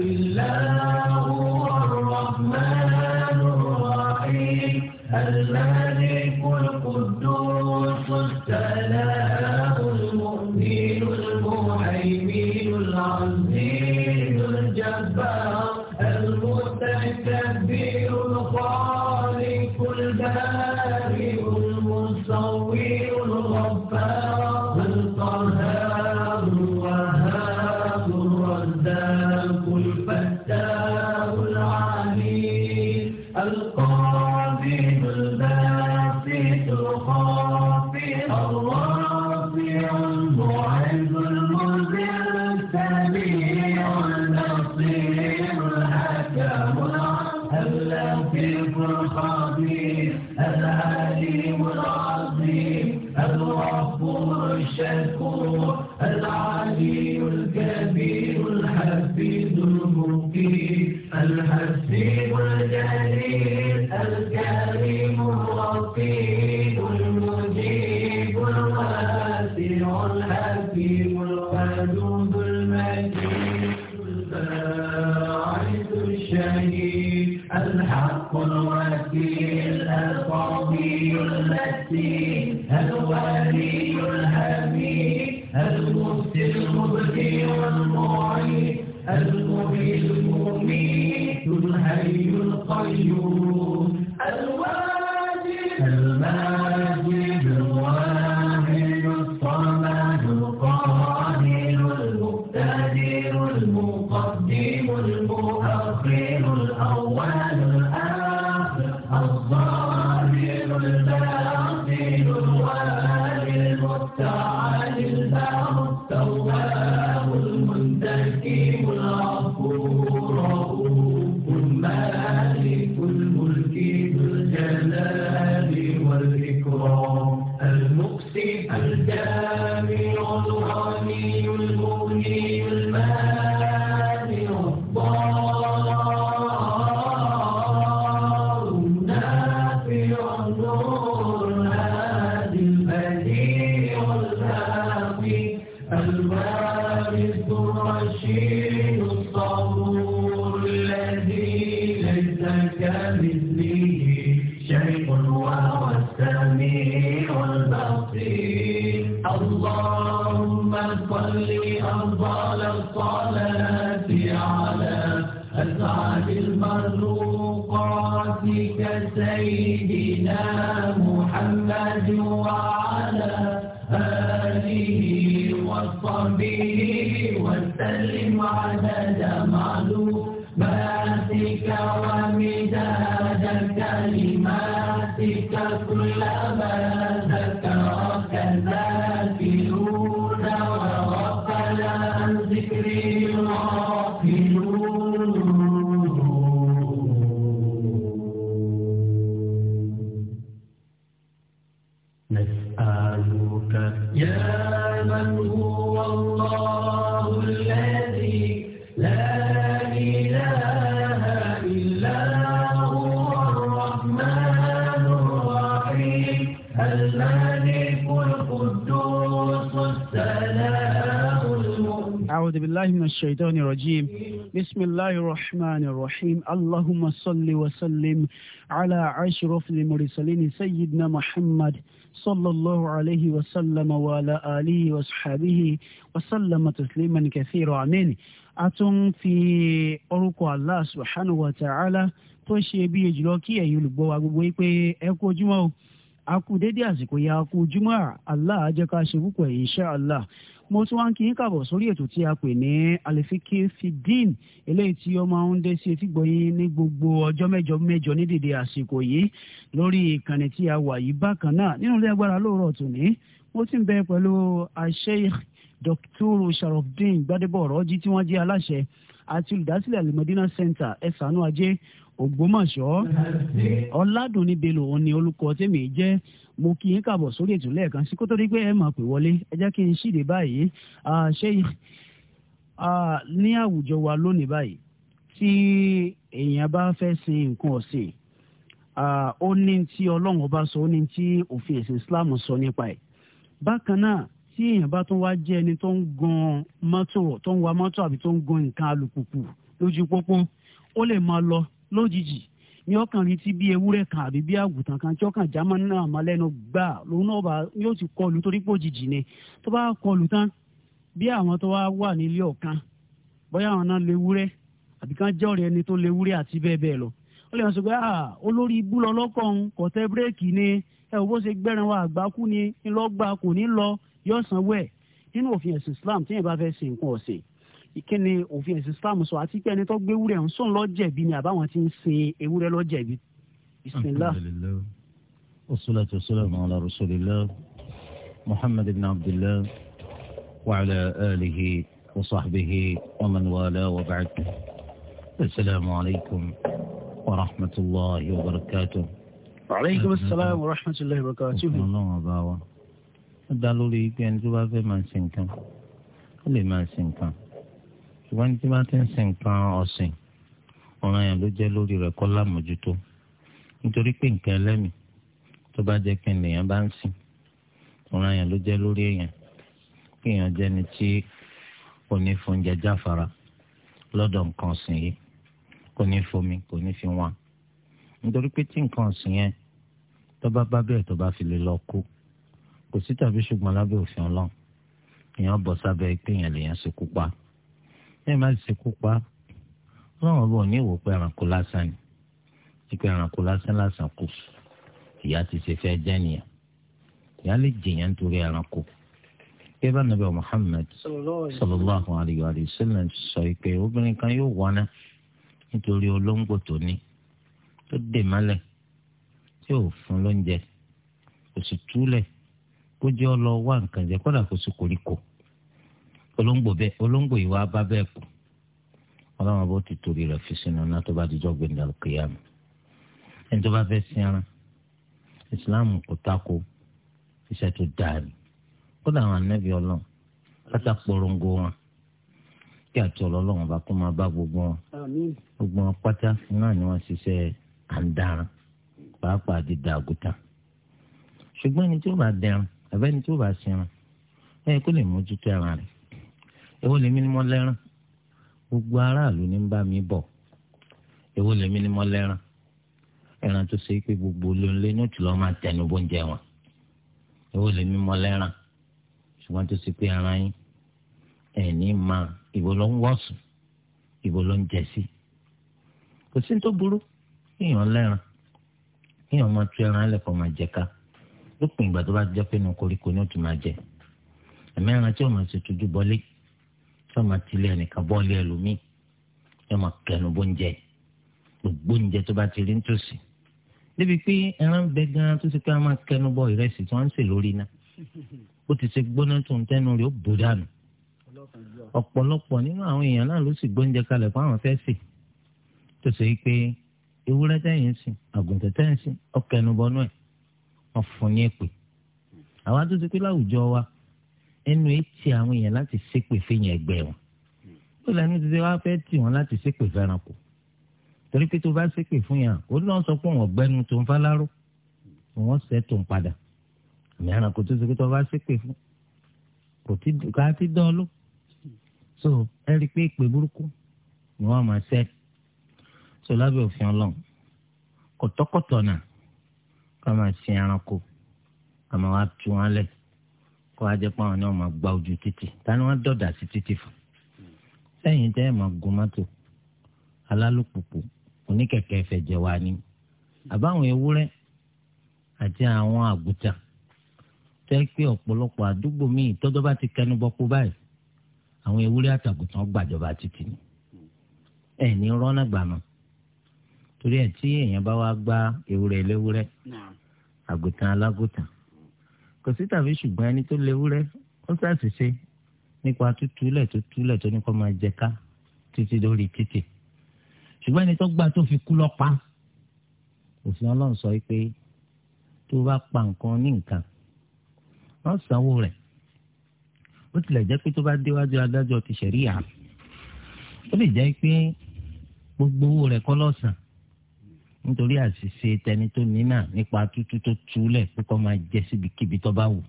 الله الرحمن الرحيم الملك المحيي المميت الحي القيوم محمد وعلى الرجيم بسم الله الرحمن الرحيم اللهم صل وسلم على أشرف المرسلين سيدنا محمد صلى الله عليه وسلم وعلى آله وصحبه وسلم تسليما كثيرا آمين أتم في أرقى الله سبحانه وتعالى tó ṣe bí ejò lọ kí ẹ̀yin olùgbọ́ a kú dédé àsìkò yẹ a kú jùmọ̀ allah á jẹ́ ká ṣe púpọ̀ insha allah mo tún wá ń kí yín kàbọ̀ sórí ètò tí a pè ní alifiki fidin eléyìí tí ó máa ń dé sí etí gbọ̀yìn ní gbogbo ọjọ́ mẹ́jọ mẹ́jọ ní dèdè àsìkò yìí lórí ìkànnì tí a wà yìí bákan náà nínú ilé agbára lóòrọ̀ tòní mo ti ń bẹ pẹ̀lú Sheikh Dr. Sharafdin Gbadebo Ọ̀rọ̀jì tí wọ́n jẹ́ aláṣẹ àti olùdásílẹ̀ Al-Madina Center ẹ̀sánú ajé Ògbómọ̀ṣọ́ Ọládùnní Bello òun ni olùkọ́ tèmi jẹ́ mo kí yín kàbọ̀ sórí ètò lẹ́ẹ̀kan sí kó tó di pé ẹ máa pè wọlé ẹ jẹ́ kí n ṣíde báyìí ṣé ní àwùjọ wa lónìí báyìí tí èèyàn bá fẹ́ sin nǹkan ọ̀sìn ó ní tí ọlọ́run ọba sọ ó ní tí òfin ẹ̀sìn Islam sọ nípa ẹ̀ bákan náà tí èèyàn bá tún wá jẹ́ ẹni tó ń gun mọ́tò tó ń wa mọ́tò àbí tó ń gun nǹkan alùpùpù lójú pópó ó lè máa lọ lójijì ní ọkàn rí tí bí ewúrẹ́ kan àbí bí àgùntàn kan tí ọkàn jámánì náà máa lẹ́nu gbà lòun náà bá yóò ti kọlù torí pé òjijì ni tó bá kọlù tán bí àwọn tó wá wà nílé ọ̀kan bóyá àwọn náà léwúrẹ́ àbí kan jẹ́ ọ̀rẹ́ ẹni tó léwúrẹ́ àti bẹ́ẹ̀ bẹ́ẹ̀ lọ ó lè sọ pé olórí ibú lọ lọ́kàn kò tẹ́ bírèkì ni ẹ ò bó ṣe gbẹ́ran wa àgbákú ni ńlọgbà kò ní lọ yọ̀ọ̀sán wẹ̀ nínú òfin ẹ̀sìn Islam tí yẹn bá fẹ́ ṣe nǹkan ọ̀sìn ìkíni òfin ẹ̀sìn Islam sọ àti pé ẹni tó gbé ewúrẹ́ ń sọ̀n ló jẹ̀bi ni àbáwọn ti ń sin ewúrẹ́ ló jẹ̀bi. bismillah. wassalatu wassalamu ala rasulillah muhammad ibn abdillah wa ala alihi wa sahbihi wa man wala wa ba'd. assalamu alaykum wa rahmatullahi wa barakatuh. wa alaykum assalam wa rahmatullahi wa barakatuh. ọ̀sán wa. ó dá lórí pé ẹni tó bá fẹ́ máa sin nǹkan ó ṣùgbọ́n tí wọ́n ti ń sin nǹkan ọ̀sìn ọ̀ràn yẹn ló jẹ́ lórí rẹ̀ kó lámòjútó nítorí pé nǹkan ẹlẹ́mìí tó bá jẹ́ kí ènìyàn bá ń sìn ọ̀ràn yẹn ló jẹ́ lórí èèyàn kí èèyàn jẹ́ ni tí kò ní fóúnjẹ jáfara lọ́dọ̀ nǹkan ọ̀sìn yìí kò ní fomi kò ní fi wọn nítorí pé tí nǹkan ọ̀sìn yẹn tó bá bá bẹ́ẹ̀ tó bá fi lè lọ kú kò sí tàbí ṣùgbọ́n lábẹ́ òfin ọlọ́run èèyàn bọ̀ sábẹ́ pé èèyàn lèèyàn ṣekú pa ṣé máa ṣe kú pa ọlọ́run ọba ò ní ìwò pé ẹranko lásán ni wípé ẹranko lásán lásán kù ìyá ti ṣe fẹ́ jẹ́ nìyẹn ìyá lè jìyàn nítorí ẹranko pé bá nàbẹ Muhammad sallallahu alayhi wa sallam sọ pé obìnrin kan yóò wọná nítorí olóńgbò tó ní tó dè mọ́lẹ̀ tí ò fún lóúnjẹ kò sì túlẹ̀ kó jẹ́ ọ lọ wá nǹkan jẹ kódà kó sì koríko olóńgbò bẹ olóńgbò yìí wá bá bẹ́ẹ̀ kù ọlọ́run bó ti torí rẹ̀ fi sínú náà tó bá dijọ́ gbẹ̀ndà kìyàm ẹni tó bá fẹ́ sin ara ìsìláàmù kò tako iṣẹ́ tó dáa ni kó dà àwọn anábì ọlọ́run látà pòròǹgò wọn kí àti ọlọ́run bá kó máa bá gbogbo wọn gbogbo wọn pátá náà ni wọ́n ṣiṣẹ́ àǹdarán pàápàá dídá àgùtà ṣùgbọ́n ẹni tí ó bá dẹrùn àbẹ́ni tí ó bá sinrin ẹ̀ kó lè mójútó ẹran rẹ̀ èwo lèmi ni mo lẹ́ràn gbogbo aráàlú ní bá mi bọ̀ èwo lèmi ni mo lẹ́ràn tó gbogbo olóńlé ní òtún lọ́ọ́ máa tẹnu bóúnjẹ wọn èwo lèmi mo lẹ́ràn ṣùgbọ́n ara yín ẹ̀ ma máa ìbò ló ń wọ̀sùn ìbò ló ń jẹ sí kò sí tó burú èèyàn lẹ́ràn èèyàn máa tú ẹran ẹlẹ́kọ̀ọ́ máa jẹ ká lópin ìgbà tó bá jẹ́ pé inú koríko ní òtún máa jẹ yóò máa tilẹ̀ nìkan bọ́ọ̀lì ẹlòmíì yóò máa kẹnu bóúnjẹ gbogbo oúnjẹ tó bá ti rí nítòsí débi pé ẹran bẹ gan tó ti pé a máa kẹnu bọ ìrẹsì tí wọ́n ń sè lórí iná ó ti ṣe gbóná tó ń tẹnu rẹ̀ ó bò dànù ọ̀pọ̀lọpọ̀ nínú àwọn èèyàn náà ló sì gbóúnjẹ kalẹ̀ fún àwọn fẹ́ sè tó ṣe pé ewúrẹ́ tẹ̀yìn sìn àgùntàn tẹ̀yìn sìn ọkẹnubọnú ẹ̀ wọ́n ní èpè àwa tó ti pé láwùjọ wa ẹnu etí àwọn èèyàn láti ṣépè fẹ́yìn ẹgbẹ́ wọn ó lẹ́nu ti ṣe wá fẹ́ tì wọ́n láti ṣépè fẹ́ranko torí pé tó bá ṣépè fún yàn ó náà sọ pé wọ́n gbẹ́nu tó ń faláró wọ́n ṣẹ́ tó ń padà àmì ẹranko tó ṣe pé tó bá ṣépè fún kò tí ká ti dán ló so ẹ rí i pé ìpè burúkú ni wọ́n máa ṣẹ́ so lábẹ́ òfin ọlọ́run kọ̀tọ́kọ̀tọ̀ náà ká máa sin ẹranko ká máa wá tú wọn lẹ́ẹ̀ kó a jẹ́ pé àwọn náà máa gba ojú títì ta ni wọ́n dọ̀dà sí títì fún. sẹ́yìn tẹ́ ẹ̀ máa gun mọ́tò alálùpùpù oníkẹ̀kẹ́ ìfẹ̀jẹ̀ wa ni àbáwọn ewúrẹ́ àti àwọn àgùtà tẹ́ pé ọ̀pọ̀lọpọ̀ àdúgbò míì tọ́jọ́ bá ti kẹnu bọ́kú báyìí àwọn ewúrẹ́ àtàgùtàn gbàjọba títì ni ẹ̀ ní rọ́nà gbàmọ́ torí ẹ̀ tí èèyàn bá wá gba ewúrẹ́ léwúrẹ́ àgùtàn alágùtàn kò sí tàbí ṣùgbọ́n ẹni tó léwúrẹ́ ó ṣàṣìṣe nípa tútúlẹ̀ tó túlẹ̀ tó ní kó máa jẹ ká títí lórí títì ṣùgbọ́n ẹni tó gbà tó fi kú lọ́pa òfin ọlọ́run sọ pé tó bá pa nǹkan ní nǹkan wọ́n sanwó rẹ̀ ó tilẹ̀ jẹ́ pé tó bá déwájú adájọ́ ti ṣẹ̀ríyà ó lè jẹ́ pé gbogbo owó rẹ̀ kọ́ lọ́sàn-án nítorí àṣìṣe tẹni tó nímà nípa tútú tó túlẹ̀ pé kọ́ máa jẹ́ síbi kíbi tó bá wù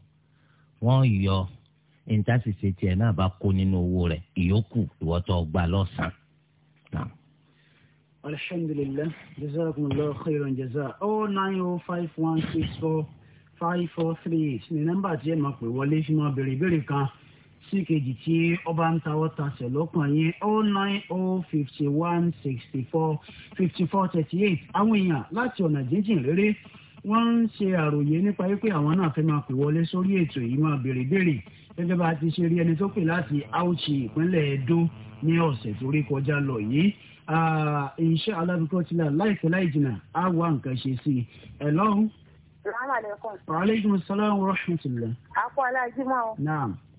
wọ́n yọ ìntàṣìṣe tiẹ̀ náà bá kó nínú owó rẹ̀ ìyókù ìwọ́tọ̀ ọgbà lọ́sàn-án. alhamdulilayi jazakumullahu khairan jaza oh nine oh five one six four five four three eight ní nọ́mbà máa pè wọlé fi máa béèrè ìbéèrè kan sí kejì tí ọba ń tawọ́ tasẹ̀ lọ́kàn yín o oh nine o oh fifty one sixty four fifty four thirty eight àwọn èèyàn láti ọ̀nà jíjìn réré wọ́n ń ṣe àròyé nípa wípé àwọn náà fẹ́ máa pè wọlé sórí ètò yìí máa béèrè béèrè gẹ́gẹ́ bá a ti ṣe rí ẹni tó pè láti Auchi ìpínlẹ̀ Edo ní ọ̀sẹ̀ tó rí kọjá lọ yìí iṣẹ́ alábìkọ́sílẹ̀ láìpẹ́ láì jìnnà á wá nǹkan ṣe sí i ẹ̀ lọ́hùn. salaamaleykum. wa aleykum salaam wa rahmatulah. àpò aláàjì mọ́ o. naam.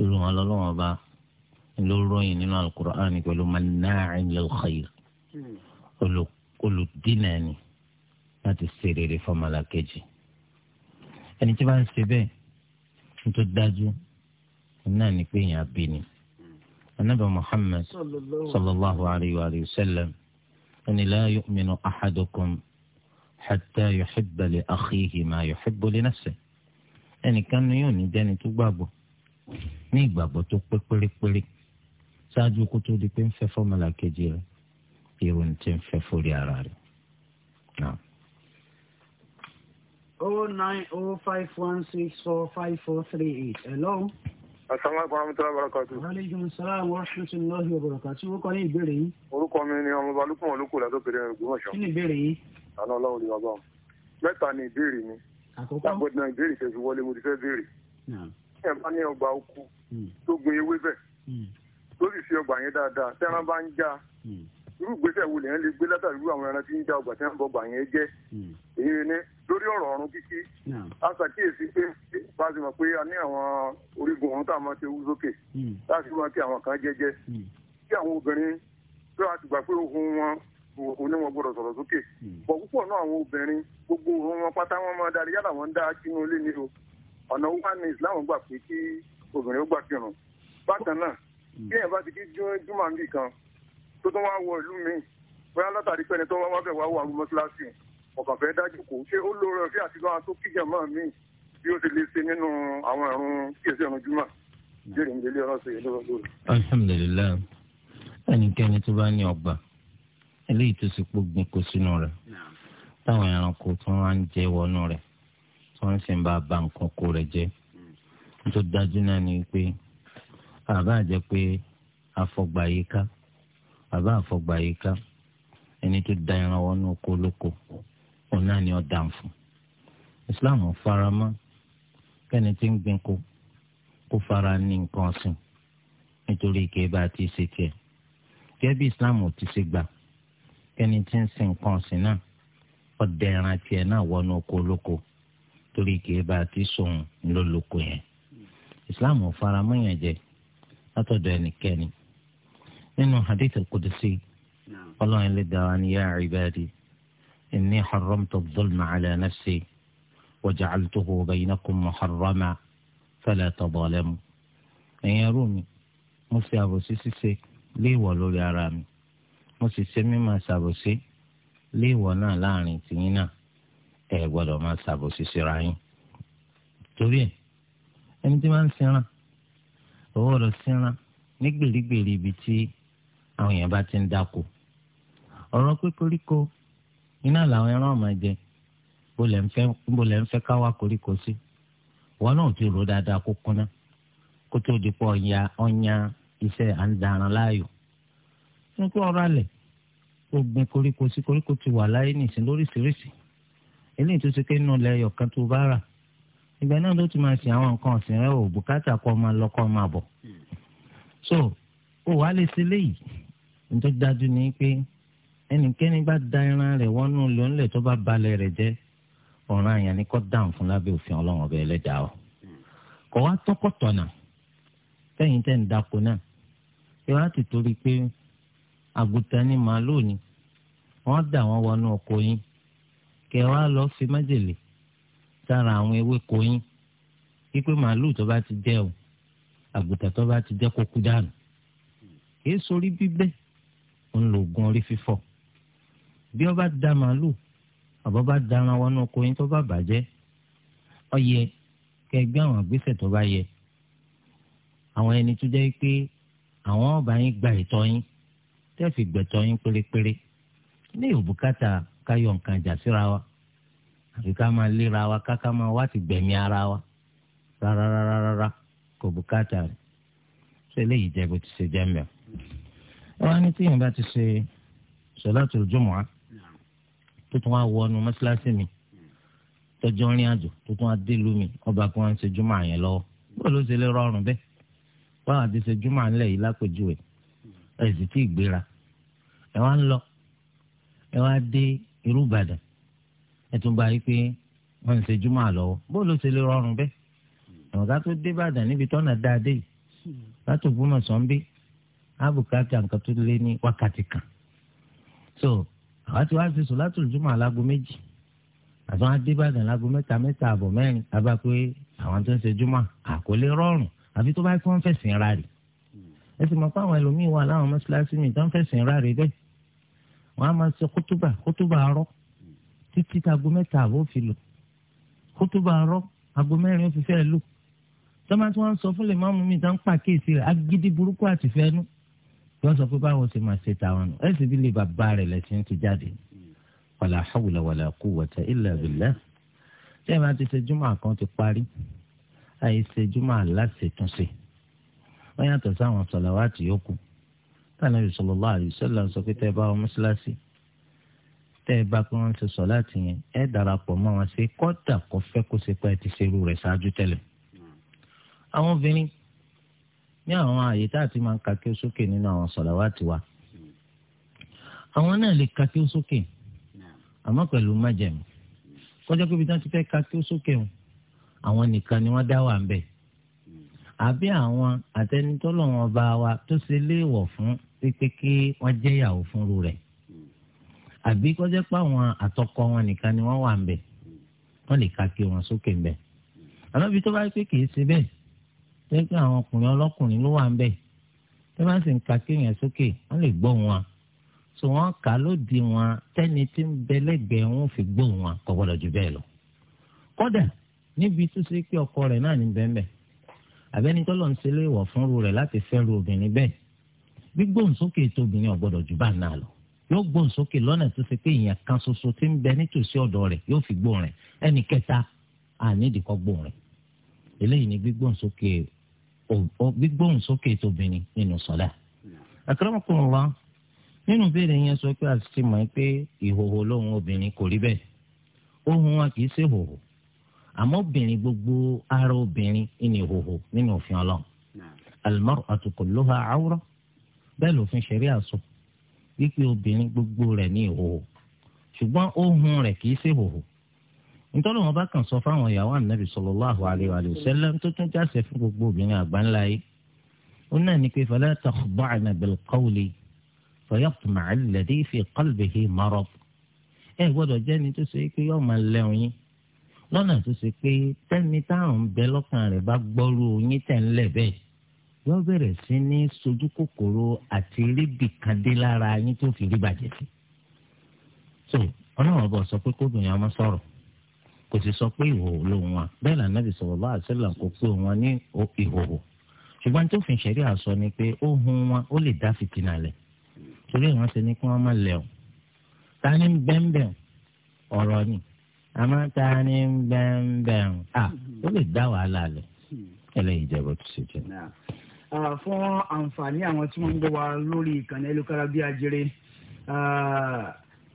irú wọn lọ́lọ́wọ́n bá ló ròyìn nínú alukur'an pẹ̀lú manáàrin lil khair olùdínà ni láti ṣe rere fọmọlá kejì ẹni tí wọ́n ń ṣe bẹ́ẹ̀ nítorí dájú náà ni pé èèyàn bí ni anabi muhammad sallallahu alayhi wa sallam ani la yu'minu ahadukum hatta yuhibba li akhihi ma yuhibbu li nafsihi ẹnìkan ni yóò ní jẹ́ni tó gbàgbọ́ ní ìgbàgbọ́ tó pé pérépéré ṣáájú kó tó di pé ń fẹ́ fọ́mọlà kejì rẹ̀ ìròyìn tí ń fẹ́ fórí ara rẹ̀. o oh nine o oh five one six four five four three eight hello. asalaamualeykum wa rahmatulahi wa barakatu. aleykum salaam wa rahmatulahi wa barakatu. o kọ́ ní ìbéèrè yìí. orúkọ mi ni ọmọọba lukun olóko lásòkèrè ògbómọ̀ṣọ́. kí ni ìbéèrè yìí. àná ọlọ́run ni bàbá mẹ́ta ni ìbéèrè mi. àkọ́kọ́. àgbẹ̀dàn ìbéèrè ṣe fi wọlé mo ti fẹ́ béèrè ẹ̀ bá ní ọgbà oko hmm. tó gbin ewébẹ̀ hmm. tó sì fi ọgbà yẹn dáadáa tẹ́ran bá ń já hmm. irú ìgbésẹ̀ wo lèyàn lè gbé látàrí irú àwọn ẹran tí ń já ọgbà tí wọ́n bọ ọgbà yẹn jẹ́ èyí ni lórí ọ̀rọ̀ ọ̀run kíkí a ṣàkíyèsí pé bá a ti mọ̀ pé a ní àwọn orígun ọ̀run tá a máa ṣe wú sókè láti wọ́n kí àwọn kan jẹ́jẹ́ kí àwọn obìnrin tó a ti gbà pé ohun wọn òun wọn gbọ́dọ̀ sọ̀rọ̀ sókè bọ̀ púpọ̀ náà àwọn obìnrin gbogbo ohun wọn pátá wọn máa darí yálà wọn dá kínú ilé ni o ọ̀nà wà ní islam gbà pé kí obìnrin ó gbà kírun bákan náà hmm. bí èèyàn bá ti kí júmọ̀ níbì kan tó tún wá wọ ìlú mi bóyá látàrí pẹ́ni tó wá wá fẹ́ wá wọ àwọn mọ́ṣáláṣí ọ̀kàn fẹ́ dájú kó ṣé ó lóore ọ̀fẹ́ àti bá tó kíjà mọ́ mi bí ó ti lè ṣe nínú àwọn ẹ̀rùn kíyèsí ẹ̀rùn júmọ̀ hmm. jẹ́rìí mi délé ọ̀rọ̀ ṣe lọ́wọ́ lórí. alhamdulilayi ẹnikẹ́ni tó bá ní ọgbà eléyìí tó sì pọ̀ gbin kó sínú rẹ̀ táwọn ẹranko tó wá ń jẹ wọnú rẹ̀ wọ́n sì ń bá ba nǹkan kó rẹ̀ jẹ́ tó dájú náà ni pé àbá jẹ́ pé afọgbàyíká bàbá àfọgbàyíká ẹni tó da ẹran wọnú oko lóko òun náà ni ọ̀dà ń fún Islam faramọ́ kẹ́ni tí ń gbin ko kó fara ní nǹkan ọ̀sìn nítorí kì í bá ti ṣe tiẹ̀ gẹ́gẹ́ bí Islam ti ṣe gbà kẹ́ni tí ń sin nǹkan ọ̀sìn náà ọ̀dà ẹran tiẹ̀ náà wọnú oko lóko torí kìí bá a ti sòun lólóko yẹn islam ò fara mọ́yàn jẹ látọ̀dọ̀ ẹnikẹ́ni nínú hadith al-qudsi ọlọ́run ilé dáwà ni yá ibadi inni haramtu dhulma ala nafsi wa ja'altuhu baynakum muharrama fala tadalamu ẹ̀yin ẹrú mi mo fi àbòsí ṣíṣe léèwọ̀ lórí ara mi mo sì ṣe mímọ̀ ṣàbòsí léèwọ̀ náà láàrin tìyín náà ẹ gbọ́dọ̀ máa ṣàbòsí síra yín torí ẹ ẹni tí wọ́n ń sinra owó rẹ̀ sinra ní gbèrígbèrí ibi tí àwọn èèyàn bá ti ń dáko ọ̀rọ̀ pé koríko iná làwọn ẹran ọ̀mà jẹ bó lẹ̀ ń fẹ́ ká wá koríko sí wọn náà ti rò dáadáa kó kúnná kó tó di pọ̀ ọ̀ya ọ̀nya iṣẹ́ à láàyò nítorí ọ̀rọ̀ alẹ̀ ó gbin koríko sí koríko ti wà láyé nìsín lóríṣiríṣi eléyìí tó ṣe pé nínú ilẹ̀ ẹyọ̀kan tó bá rà ìgbà náà ló ti máa ṣe àwọn nǹkan ọ̀sìn rẹ ò bùkátà kọ́ máa lọ kọ́ máa bọ̀ so ó wàá lè ṣe léyìí nítorí dájú ni pé ẹnikẹ́ni bá da ẹran rẹ̀ wọ́nú lónìí tó bá balẹ̀ rẹ̀ jẹ́ ọ̀ràn àyàn ni fún lábẹ́ òfin ọlọ́run ọbẹ̀ ẹlẹ́dàá kọ́ wá náà kẹ wá lọ fi májèlé sára àwọn ewéko yín wípé màálù tó bá ti jẹ o àgùntàn tó bá ti jẹ kó kú dànù kì í sorí bíbẹ́ ń lo oògùn orí fífọ́ bí ó bá da màálù àbọ̀ bá dáná wọnú oko yín tó bá bàjẹ́ ó yẹ gbé àwọn àgbésẹ̀ tó bá yẹ àwọn ẹni tó jẹ́ pé àwọn ọba yín gba ìtọ́ yín tẹ́ fi gbẹ̀tọ́ yín pérépéré ní ìbùkátà ká yọ nǹkan jà síra wa àfi ká máa léra wa ká ká máa wá ti gbẹ̀mí ara wa rárá rárá rárá kò bùkátà rẹ̀ ṣé eléyìí jẹ́ bó ti ṣe jẹ́ mẹ́ọ̀. ẹ wá ní tíyẹn bá ti ṣe sọ̀láàtù jùmọ̀á tó tún wá wọ ọnu mọ́ṣáláṣí mi tọ́jú rìn àjò tó tún wá dé ìlú mi ọba kí wọ́n ṣe jùmọ̀ àyẹn lọ́wọ́ bó ló ṣe lè rọrùn bẹ́ẹ̀ báwa ti ṣe jùmọ̀ àlẹ́ yìí lápèjúwe ẹ̀ sì tí ì gbéra ẹ wá ń lọ ẹ wá dé irú Ìbàdàn ẹtùn bá yí pé wọ́n ń ṣe júmọ àlọwọ bó ló ṣe lè rọrùn bẹ́ẹ̀ ọ̀gá tó dé Ìbàdàn níbi tọ́nà dáadé yìí látò gbọ́mọ̀ sọ́nbí ábùkátà nǹkan tó lé ní wákàtí kan so àwa ti wá ṣe sọ látò júmọ alágo méjì àtàwọn adébàdàn lágo mẹ́ta mẹ́ta àbọ̀ mẹ́rin àbá pé àwọn tó ń ṣe júmọ àkólé rọrùn àfi tó bá kí wọ́n fẹ̀sìn ra rè ẹ sì mọ̀ pé àwọn ẹlòmíín wà láwọn mọ́ṣáláṣí mi tó ń fẹ̀sìn ra rè bẹ́ẹ̀ wọ́n á máa ṣe kótóbà kótóbà arọ́ títí aago mẹ́ta àbọ̀ fi lò kótóbà arọ́ aago mẹ́rin ó fi fẹ́ lò tọ́mọ tí wọ́n ń sọ fún lè má mú mi tá ń pàkíyèsí rẹ̀ agídí burúkú àti fẹ́nu wọ́n sọ pé báwọn ṣe máa ṣe tàwọn nù ẹ̀ bí lè bàbá rẹ̀ lẹ́sìn ti jáde wàlà hàwùlà wàlà quwwata illa billah tí ẹ̀ máa ti ṣe júmọ̀ kan ti parí àyè ṣe júmọ̀ aláṣetúnṣe wọ́n yàtọ̀ sáwọn sọ̀làwátì yòókù tànàbí sallallahu alaihi wasallam sọ pé tẹ́ ẹ bá wọn mọ́ṣáláṣí tẹ́ ẹ bá pé wọ́n ń ṣe sọ láti yẹn ẹ darapọ̀ mọ́ wọn ṣe kọ́dà kó fẹ́ kó ṣe pé ẹ ti ṣerú rẹ̀ ṣáájú tẹ́lẹ̀. àwọn obìnrin ní àwọn àyè tá a ti máa ń ka kí ó sókè nínú àwọn sọ̀làwátì wa àwọn náà lè ka kí ó sókè àmọ́ pẹ̀lú májẹ̀mú kọjá pé ibi tí wọ́n ti fẹ́ ka kí ó sókè o àwọn nìkan ni wọ́n dá wà ń bẹ̀ àbí àwọn àtẹnitọ́lọ́wọ́n bá wa tó ṣe léèwọ̀ fún pípé kí wọ́n jẹ́ ìyàwó fúnru rẹ̀ àbí kó jẹ́ pé àwọn àtọkọ wọn nìkan ni wọ́n wà ń bẹ̀ wọ́n lè ka kí wọn sókè ń bẹ̀ àlọ́bí tó bá pé kì í ṣe bẹ́ẹ̀ jẹ́ pé àwọn ọkùnrin ọlọ́kùnrin ló wà ń bẹ̀ tó bá sì ń ka kí yẹn sókè wọ́n lè gbọ́ wọn so wọ́n kà lódì wọn tẹ́ni tí ń bẹ lẹ́gbẹ̀ẹ́ wọn fi gbọ́ wọn kò gbọ́dọ̀ jù bẹ́ẹ̀ lọ kódà níbi tó ṣe pé ọkọ rẹ̀ náà ní bẹ́ẹ̀ bẹ́ẹ̀ àbẹ́ni tó lọ́n ṣe léèwọ̀ fúnru rẹ̀ láti fẹ́ru obìnrin bẹ́ẹ̀ gbígbóhùnsókè ètò obìnrin ọ̀gbọ́dọ̀ jù bá náà lọ yóò gbóhùnsókè lọ́nà tó ṣe pé èèyàn kan ṣoṣo tí ń bẹ nítòsí ọ̀dọ̀ rẹ̀ yóò fi gbóhùn rẹ̀ ẹnì kẹta ànídìíkọ́ gbóhùn rẹ̀ eléyìí ni gbígbóhùnsókè gbígbóhùnsókè ètò obìnrin nínú sọ́lá. àkàràmọ́kùnrin wa nínú ìbéèrè yẹn sọ pé àti mọ̀ pé ìhòhò lóhùn obìnrin kò rí bẹ́ẹ̀ ohùn wa kì í ṣe hòhò àmọ́ obìnrin gbogbo ara obìnrin ní ìhòhò nínú òfin ọlọ́run al-mar'atu kulluha 'awra bẹ́ẹ̀ lòfin ṣẹ̀ríà sọ wípé obìnrin gbogbo rẹ̀ ní ìhòòhò ṣùgbọ́n ohun rẹ̀ kì í ṣe ìhòòhò nítorí wọn bá kàn sọ fáwọn ìyàwó ànábì sallallahu alaihi wa sallam tó tún jáṣẹ fún gbogbo obìnrin àgbáńlá yìí ó náà ní pé fala takhda'na bil qawli fayatma'a alladhi fi qalbihi marad ẹ gbọ́dọ̀ jẹ́ ni tó ṣe pé yóò máa lẹ́hùn yín lọ́nà tó ṣe pé tẹ́ni bẹ lọ́kàn rẹ̀ bá gbọ́rú yín tẹ̀ ń lẹ̀ yóò bẹ̀rẹ̀ sí ní sojú kòkòrò àti ríbi kàdé lára yín tó fi rí bàjẹ́ sí. so ọlọ́run ọba sọ pé kóbìnrin ọmọ sọ̀rọ̀ kò sì sọ pé ìhòòhò lòun wa bẹ́ẹ̀ ni anábì sallallahu alaihi wasallam kò pé wọn ní ìhòòhò ṣùgbọ́n tó fi ṣẹ̀rí àsọ ni pé ohun wọn ó lè dá fìtínà lẹ̀ torí wọn ṣe ní kí wọ́n má lẹ̀ ọ́ ta ni bẹ́ẹ̀nbẹ́ẹ̀ ọ̀rọ̀ ni àmọ́ ta ni bẹ́ẹ̀nbẹ́ẹ̀ ó lè dá wàhálà lẹ̀ ẹlẹ́yìí jẹ́ bó ti ṣe jẹ́ fún àǹfààní àwọn tí wọ́n ń gbọ́ wa lórí ìkànnì ẹlòkára bí ajere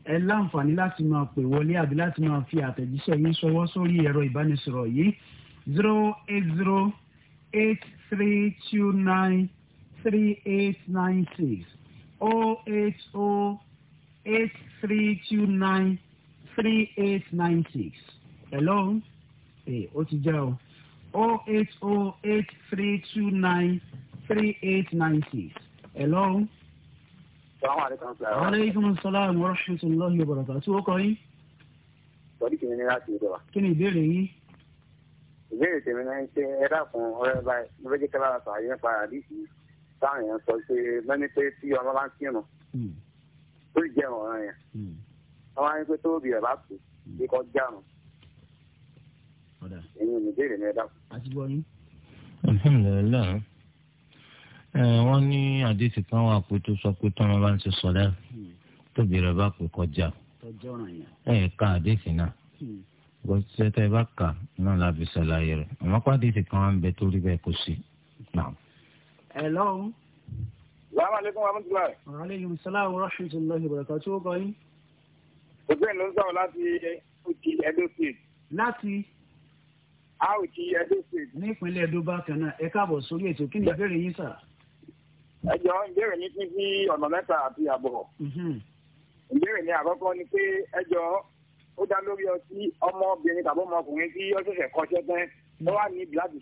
ẹ láǹfààní láti máa pè wọlé àbí láti máa fi àtẹ̀jíṣẹ́ yín ṣọwọ́ sórí ẹ̀rọ ìbánisọ̀rọ̀ yìí zero eight zero eight three two nine three eight nine six o oh eight o oh eight three two nine three eight nine six hello ẹ ó ti já o o oh eight oh eight three two nine three eight nine six. hello. salaam wa rahmatulahi wa barakatuh. o kọ yín. sọ́dí kìíní ní láti ìjọba. kí ni ìbéèrè yín. ìbéèrè tèmi náà ń ṣe ẹ dákun ọ̀rẹ́ báyìí mo fẹ́ jẹ́ kí alára sàáyé nípa àdìsí táwọn èèyàn sọ pé mẹ́ni pé tí ọmọ bá ń kírun hmm. ó sì jẹ́ ọ̀ràn yẹn hmm. wọ́n á pé tóbi ẹ̀ bá kú bí hmm. kò járun èyí ìbéèrè mi ẹ dákun. alhamdulilayi wọ́n ní àdìsí kan wà pé tó sọ pé tọ́mọ bá ń ṣe sọ̀dá tóbi rẹ̀ bá pè kọjá ẹ̀ ká àdìsí náà bó ṣe tẹ́ bá kà náà láfi ṣàlàyé rẹ̀ àmọ́ pàdé ti kan wà ń bẹ tó rí bẹ́ẹ̀ kó sí. hello. salaamu aleykum wa rahmatulahi. wa aleykum salaam wa rahmatulahi wa barakatuh tí ó kọ́ yín. òṣèlú ló ń sọ̀rọ̀ láti òkè Edo State. láti. a òkè Edo State. ní ìpínlẹ̀ Edo bákan náà ẹ káàbọ̀ sórí ètò kí ni ìbéèrè yín sà ẹ ìbéèrè mi sí ọ̀nà mẹ́ta àti àbọ̀ mhm. ìbéèrè mi àkọ́kọ́ ni pé ẹ ó dá lórí ọtí ọmọbìnrin tàbí ọmọkùnrin tí ó ṣẹ̀ṣẹ̀ kọ́ṣẹ́ tán tó wà ní ìbílẹ̀ àti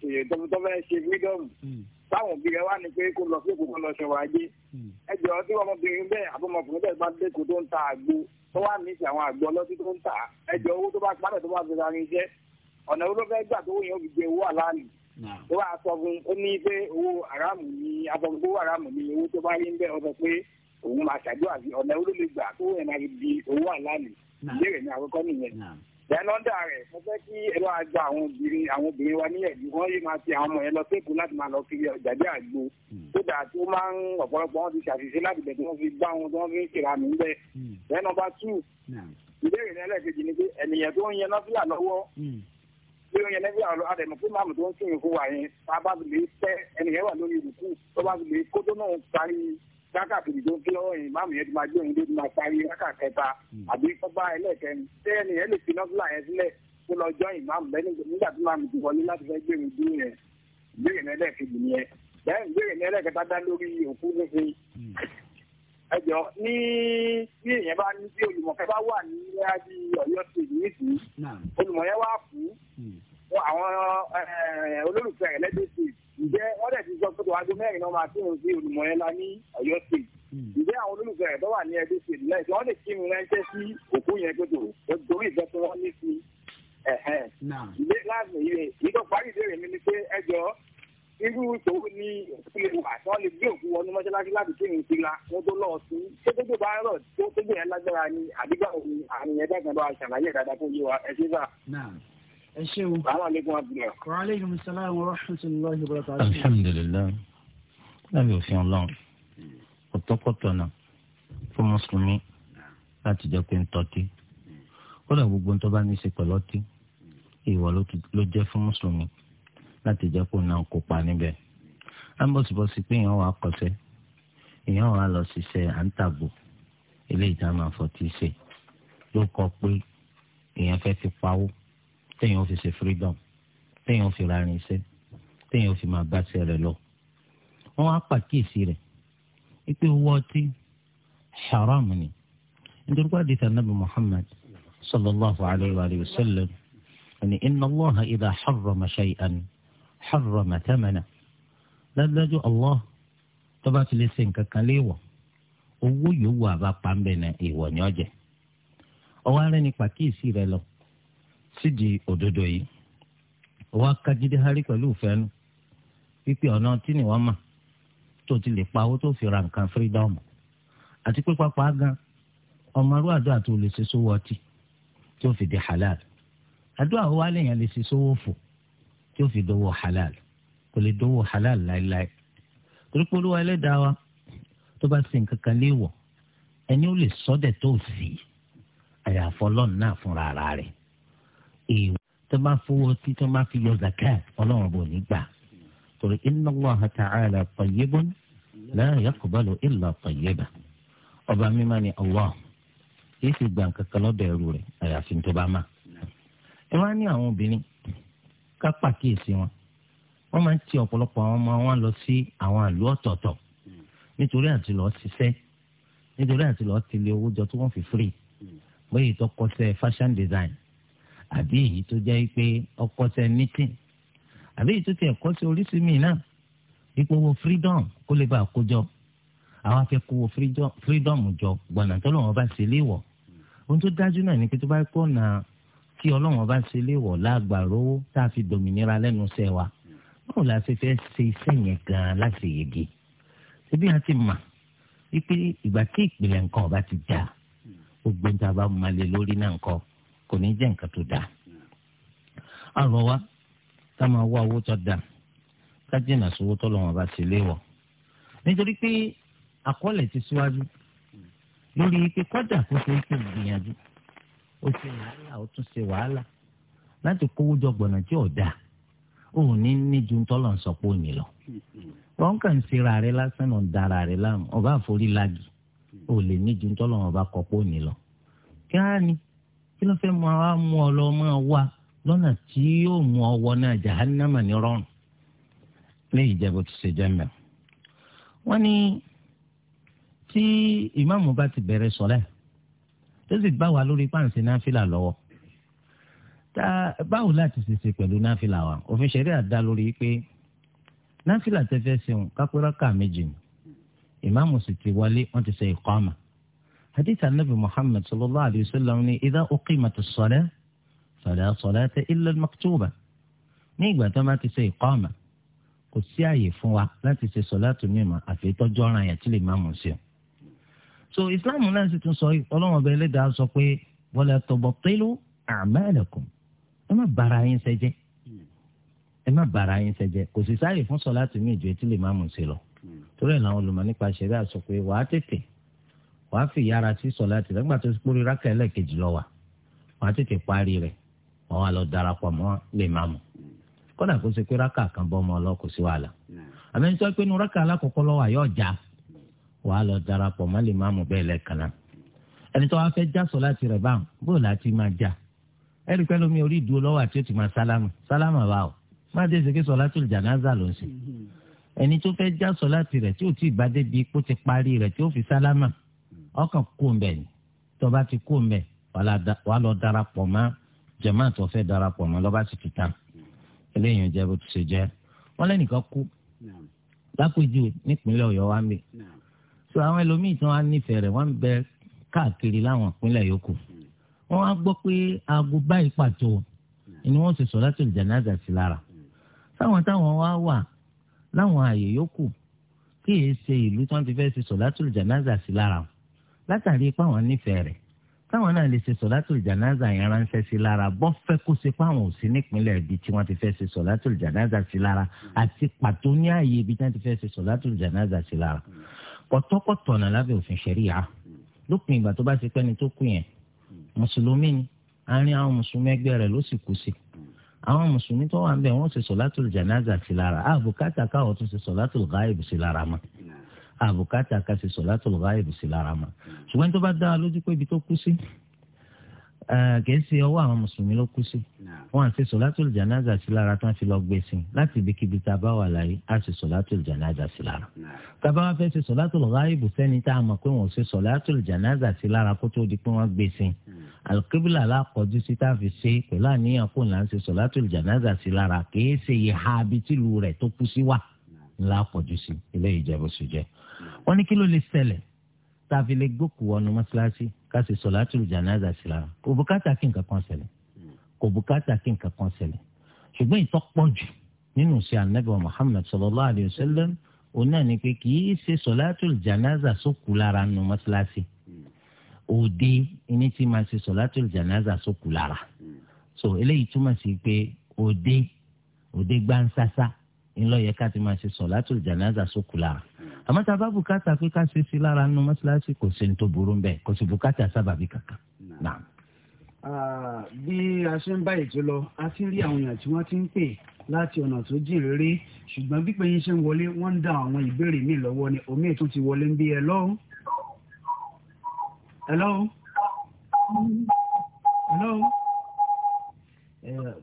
tó fẹ́ ṣe fídọ́ọ̀mù mm. táwọn òbí rẹ wá ní pé kó lọ sí èkó kó lọ ṣe wáyé mm. ẹ tí ọmọbìnrin bẹ́ẹ̀ àbí ọmọkùnrin bẹ́ẹ̀ bá dẹ́kun tó ń ta àgbo tó wà ní ìṣẹ̀ àwọn àgbo ọlọ́tí tó ń ta ẹ owó tó bá pàdé tó bá fi ra irinṣẹ́ ọ̀nà wo ló fẹ́ gbà tó wòyàn òbí gbé owó àlàálì tó bá sọ fún ó ní pé owó aráàmù ni abọ́gbó aráàmù ni owó tó bá rí ń bẹ́ ọ sọ pé òun máa ṣàdúrà sí ọ̀nà ó ló lè gbà tó ẹ̀ máa di owó àlàní ìbéèrè ní àkọ́kọ́ nìyẹn ẹlọ́dà rẹ̀ mo fẹ́ kí ẹ bá gba àwọn obìnrin àwọn obìnrin wa níyẹ̀dú wọ́n yìí máa fi àwọn ọmọ yẹn lọ séèkù láti máa lọ kiri ọ̀jàdé àgbo hmm. tó dáa tó máa ń ọ̀pọ̀lọpọ̀ wọn ti ṣàṣìṣe láti bẹ̀ tí wọ́n fi gbá wọn tí wọ́n fi ń kira mi bẹ́ẹ̀ ẹ̀ nọmba two ìbéèrè ní ẹlẹ́ẹ̀kejì ni pé ènìyàn tó ń yẹn lọ́fíà lọ́wọ́ hmm bí ó yẹn lẹ́gbẹ̀ẹ́ àlọ́ àdẹ̀mọ̀ fún màmù tó ń sìn ìhó wà yẹn tá a bá lè tẹ́ ẹnìyẹn wà lórí ìrùkú tó bá lè kótó náà parí rákàkiri tó ń kí lọ́wọ́ yìí yẹn ti máa gbé òun tó ti máa parí rákàkẹta hmm. àbí kọ́ba ẹlẹ́kẹrin tẹ́ ẹnìyẹn lè fi nọ́fìlà yẹn sílẹ̀ kó lọ jọ́ ìmáàmù lẹ́nu nígbà tí màmù ti wọlé láti fẹ́ gbé òun dúró yẹn gbé ẹjọ ní bí èèyàn bá ní bí olùmọ̀kẹ́ bá wà ní bí ọ̀yọ́ stage nísìnyí olùmọ̀yẹ́ wà fún hmm. àwọn olólùfẹ́ rẹ̀ lẹ́dọ̀ stage ǹjẹ́ wọ́n dẹ̀ ti sọ pé kò mẹ́rin náà máa sí olùmọ̀yẹ́ la ní ọ̀yọ́ hmm. ǹjẹ́ àwọn olólùfẹ́ rẹ̀ tó wà ní wọ́n lè rẹ́ńtẹ́ sí òkú yẹn gbọdọ̀ irú ìṣòro ni òkú lè wà tí wọ́n lè gbé òkú wọnú mọ́ṣáláṣí láti kí nìyí síra wọ́n tó lọ́ọ̀ sí ṣé tó bá rọ̀ tó tó gbé yẹn lágbára ni àdúgbò òun àrùn yẹn dẹ́gbẹ̀ẹ́ bá ṣàlàyé dáadáa fún yíwa ẹ ṣe bá. ẹ ṣe o. salaamaleykum abdulayi. wa aleykum salaam wa rahmatulahi wa barakatuh. alhamdulilayi lábẹ́ òfin ọlọ́run ọ̀tọ́kọ̀tọ̀ náà fún mùsùlùmí láti jẹ́ pé ń tọ́tí ó dà gbogbo ń tọ́ bá ní í ṣe pẹ̀lọ́tí ìwà ló jẹ́ fún mùsùlùmí láti jẹ́ kó náà kópa níbẹ̀ ambọ̀sibọ̀sì pé èèyàn wà kọsẹ̀ èèyàn wà lọ ṣiṣẹ́ à ń tàgbò eléyìí tá a máa fọtí ṣe ló kọ pé èèyàn fẹ́ fi pawó téèyàn fi ṣe freedom téèyàn fi rarin iṣẹ́ téèyàn fi máa báṣẹ́ rẹ̀ lọ wọ́n á pàkíyèsí rẹ̀ wípé owó ọtí haram ni nítorí pé àdìsá nàbì Muhammad sallallahu alayhi wa sallam ẹni inna Allaha idha harrama shay'an. harrama thamana dájúdájú Allah tó bá ti lè ṣe nǹkan kan léèwọ̀ owó yòówù àbápa ni ọ̀jẹ̀ ọwọ́ rẹ lọ sídìí òdodo yìí ọwọ́ akájídé harí pẹ̀lú ìfẹ́nu pípẹ́ ọ̀nà tí nìwọ́n mà tó ti lè pa owó tó fi ra nǹkan fírídọ́ọ̀mù àti gan ọmọ arú fi di halal yóò fi dówó halal kò lè dówó halal láéláé torí pé olúwa ẹlẹ́dàá wa tó bá ṣe nǹkan kan léèwọ̀ ẹni ó lè sọ́dẹ̀ tó sì àyàfọ́ ọlọ́run náà fúnra ara rẹ̀ èèwọ̀ tó bá fowó tí tó bá fi yọ zakat ọlọ́run bò ní gbà torí inna Allaha ta'ala tayyibun la yaqbalu illa tayyiba ọba mímọ́ ni Allah yìí sì gbà nǹkan kan ẹrú rẹ̀ àyàfi tó bá má ẹ wá ní àwọn obìnrin ká pàkíyèsí wọn wọ́n máa ń ti ọ̀pọ̀lọpọ̀ àwọn ọmọ wọn lọ sí àwọn àlù ọ̀tọ̀ọ̀tọ̀ nítorí àti lọ́ọ́ ṣiṣẹ́ nítorí àti lọ́ọ́ tilé owó jọ tí wọ́n fi free bóyá èyí tó kọ́ṣẹ́ fashion design àbí èyí tó jẹ́ pé ọkọ́ṣẹ́ knitting àbí èyí tó tiẹ̀ kọ́ṣẹ́ oríṣi náà ipò owó freedom kó lè bá a àwọn akẹ́kọ̀ọ́ freedom jọ gbọ̀nà tó lọ́wọ́ bá ṣe léèwọ̀ ohun tó dájú náà ni pé tó bá kọ́ na tí ọlọ́run bá ṣe léwọ̀ lágbàró tá a fi dòmìnira lẹ́nu iṣẹ́ wa báwo la ṣe fẹ́ ṣe iṣẹ́ yẹn gan-an láti yege ṣébí a ti mà wípé ìgbà tí ìpìlẹ̀ nǹkan ọba ti dà gbogbo níta bá malè lórí náà nǹkan kò ní jẹ́ nǹkan tó dáa. a rọ wa ká máa wá owó tó dáa ká jìnnà sówó tó lọ́wọ́n bá ṣe léwọ̀ nítorí pé àkọọ́lẹ̀ ti síwájú lórí pé kọ́dà kó ṣe é pé gbìyànjú ó ṣe wàhálà ó tún ṣe wàhálà láti kówó jọ gbọ̀nà tí ò dáa ò ní ní ju ń tọ́lọ̀ ń sọ pé ò ní lọ. wọ́n kàn ń ṣera rẹ lásán náà dára rẹ láàmú ọba àforí lagi ò lè ní ju ń tọ́lọ̀ wọn bá kọ pé ò ní lọ. kí á ní kí ló fẹ́ mú ọ mú ọ lọ máa wá lọ́nà tí yóò mú ọ wọ náà jahannama ní rọrùn. léyìí jẹ́ ti ṣe jẹ́ wọ́n ní tí ìmáàmù bá ti bẹ̀rẹ̀ sọ́lẹ̀ tó sì bá wa lórí páǹsì náfìlà lọ́wọ́ tá báwo láti ṣèṣe pẹ̀lú náfìlà wa òfin ṣẹ̀rí àdá lórí pé náfìlà tẹ́fẹ́ sẹ́wọ̀n kápẹ́rọ́kà méjì ni ìmáàmù sì ti wọlé wọ́n ti ṣe ìkọ́mà hadith anabi muhammad sallallahu alayhi wa sallam ni idha uqimatis salah fala salata illa al-maktuba ní ìgbà tó máa ti ṣe ìkọ́mà kò sí àyè fún wa láti ṣe sọ̀lá tó mímọ́ àfi tọ́jú ọ̀ràn yẹn tí lè máa o so islam náà sì tún sọ ọlọ́run ọba ẹlẹ́dàá sọ pé wala tubtilu a'malakum ẹ má bàrà yín sẹ́jẹ́ ẹ má bàrà yín sẹ́jẹ́ kò sì sáàyè fún sọ láti mí ìjọ etí lè má mú sí lọ torí ẹ̀ náà olùmọ̀ nípa ṣẹ̀rí àsọ pé wàá tètè wàá fi yára sí sọ láti lẹ́gbàá tó kórè rákẹ́ ẹlẹ́ẹ̀kejì lọ wà wàá tètè parí rẹ̀ wọ́n wá lọ darapọ̀ mọ́ lè má mú kódà kó ṣe pé rákà kan bọ́ ọmọ ọlọ́ sí wàhálà àmì pé nu rákà alákọ̀ọ́kọ́ lọ́wọ́ àyọ̀ ọ̀jà wàá lọ darapọ̀ má lè máàmù bẹ́ẹ̀ lẹ́ẹ̀kan náà ẹni tó wá fẹ́ já sọ láti rẹ̀ báwọn bó láti máa já ẹ̀rí pẹ́ lómi orí ìdúró lọ́wọ́ àti ó ti máa sálámù sálámù wa o má dé ṣe kí sọlátul jánásà ló ń ṣe ẹni tó fẹ́ já sọ láti rẹ̀ tí ò tí ì bá débi kó ti parí rẹ̀ tí ó fi sálámà ọkàn kó ń bẹ̀ ni tó bá ti kó ń bẹ̀ wàá lọ darapọ̀ mọ́ jàmáà tó fẹ́ darapọ̀ mọ́ lọ́ba ti tán eléyìí jẹ́ bó ti ṣe jẹ́ wọ́n lẹ́nìkan kú lápèjúwe nípínlẹ̀ ọ̀yọ́ wa ń bẹ̀ so àwọn ẹlòmíì tí wọ́n á nífẹ̀ẹ́ rẹ̀ wọ́n ń bẹ káàkiri láwọn ìpínlẹ̀ yòókù wọ́n á gbọ́ pé aago báyìí pàtó ni wọ́n sì sọ̀látul jánásà sí lára táwọn táwọn wá wà láwọn àyè yòókù kí èé ṣe ìlú tí wọ́n ti fẹ́ ṣe sọ̀látul jánásà sí lára látàrí pé àwọn nífẹ̀ẹ́ rẹ̀ táwọn náà lè ṣe sọ̀látùl jànáza yẹn ránṣẹ́ sí lára bọ́ fẹ́ kó ṣe páwọn ò sí nípínlẹ̀ ibi tí wọ́n ti fẹ́ ṣe sọ̀látùl jànáza sí lára àti pàtó ní ààyè ibi tí wọ́n ti fẹ́ ṣe sọ̀látùl jànáza sí lára pọ̀tọ́pọ̀tọ̀nà lábẹ́ òfin ṣẹ̀ríyà lópin ìgbà tó bá ti pẹ́ni tó kú yẹn mùsùlùmí ni àárín àwọn mùsùlùmí ẹgbẹ́ rẹ̀ ló sì kú sí àwọn mùsùlùmí tó wà ń bẹ̀ wọ́n ṣe sọ̀látùl jànáza sí lára àbùkátà káwọn tó ṣe sọ̀látùl ghaib sí lára mọ́ àbùkátà ká ṣe sọ̀látùl ghaib sí lára mọ́ ṣùgbọ́n tó bá dá lójú pé ibi tó kú sí Eh, kì í ṣe ọwọ́ àwọn mùsùlùmí ló kú sí wọn àti sọ̀látùl jànáza sí lára tán fi lọ gbé sí i láti ibikíbi tá a bá wà láyé á ṣe sọ̀látùl jànáza sí lára tábà wá fẹ́ ṣe sọ̀látùl gháíbù sẹ́ni tá a mọ̀ pé wọ́n ṣe sọ̀látùl jànáza sí lára kó tó di pé wọ́n gbé sí i alùkébìlà alákọ̀ọ́jú sí tá a fi ṣe pẹ̀lú àníyàn kò là ń ṣe sọ̀látùl jànáza sí lára kì í ṣe ìhà abitìlú rẹ̀ tó kú sí wà ńlá pọ̀jù sí ilé ìjẹ́bù sùjẹ́ wọ́n ní kí ló lè ṣẹlẹ̀ tàfi lè gbókù ọ̀nà mọ́ṣáláṣí ká sì sọ̀látùl jánásà sí lára kò bùkátà kí nǹkan kan ṣẹlẹ̀ kò bùkátà kí nǹkan kan ṣẹlẹ̀ ṣùgbọ́n ìtọ́pọ̀ jù nínú sí anabi muhammed sallallahu alayhi wa sallam òun náà ni pé kì í ṣe sọ̀látùl jánásà sókù lára nù mọ́ṣáláṣí òde ẹni tí máa ṣe sọ̀látùl jánásà sókù lára so eléyìí túmọ̀ sí pé òde òde gbansasa ńlọ yẹ ká ti máa ṣe sọ̀látùl jánásà sókù lára àmọ́ tá a bá bùkátà pé ká ṣe sí lára nínú mọ́ṣáláṣí kò sí ní tó burú bẹ́ẹ̀ kò sí bùkátà sábàbí kankan. bí a ṣe ń bá ètò lọ a ti rí àwọn èèyàn tí wọ́n ti ń pè láti ọ̀nà tó jìn réré ṣùgbọ́n bí pẹ̀yìn ṣe ń wọlé wọ́n ń dá àwọn ìbéèrè mi lọ́wọ́ ni omi ètò ti wọlé ń bí ẹ lọ́hùn. hello hello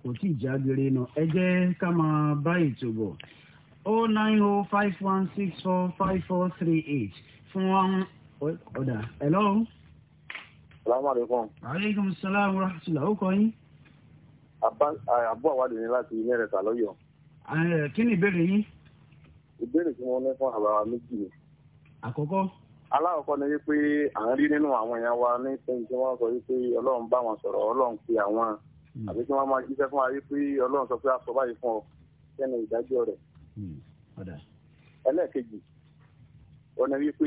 kò tí ì jágere náà ẹ jẹ́ ká máa bá ètò bọ̀. 09051645438. nine oh five one six four five four three eight fún wọn ọ̀dà hello. salaamaleykum. aleykum salaam wa rahmatulah ó kọ́ yín. àbú àwádìí eh, ni láti ilé rẹ̀ tà lọ́yọ̀. Eh, kí ni ìbéèrè yín. ìbéèrè tí wọ́n ní fún àbáwá méjì ni. àkọ́kọ́ alákọ̀ọ́kọ́ ni wípé à ń rí nínú àwọn èèyàn wa ní sẹ́yìn tí wọ́n sọ wípé ọlọ́run bá wọn sọ̀rọ̀ ọlọ́run pe àwọn hmm. àbí kí wọ́n máa jíṣẹ́ fún wa wípé ọlọ́run sọ pé a sọ báyìí fún ọ sẹ́nu ìdájọ́ rẹ̀ Hmm, ẹlẹ́ẹ̀kejì ọ̀nà wípé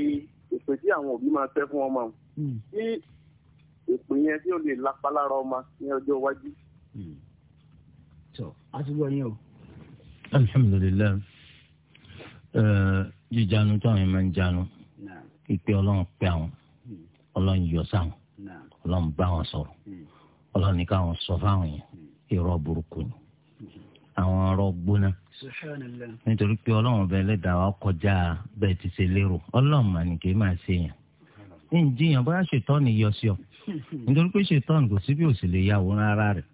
ìpè tí àwọn òbí máa fẹ́ fún ọmọ tí hmm. ìpè yẹn tí ó lè lapa lára ọmọ ní ọjọ́ iwájú. Hmm. tó a ti gbọ́ yín o. alhamdulilayi jíjanu táwọn yẹn máa ń jánu ìpè ọlọ́run pé àwọn ọlọ́run yọ sáwọn ọlọ́run bá wọn sọ̀rọ̀ ọlọ́run ní káwọn sọ fáwọn yẹn irọ́ burúkú ni àwọn ọ̀rọ̀ gbóná nítorí pé ọlọ́run ọba ẹlẹ́dàá wa kọjá bẹ́ẹ̀ ti ṣe lérò ọlọ́run mà ní kì í máa ṣe yàn ń jiyàn bóyá ṣètọ́ ni yọ sí ọ hmm. nítorí pé ṣètọ́n kò sí bí ò sì lè yàwó rárá rẹ̀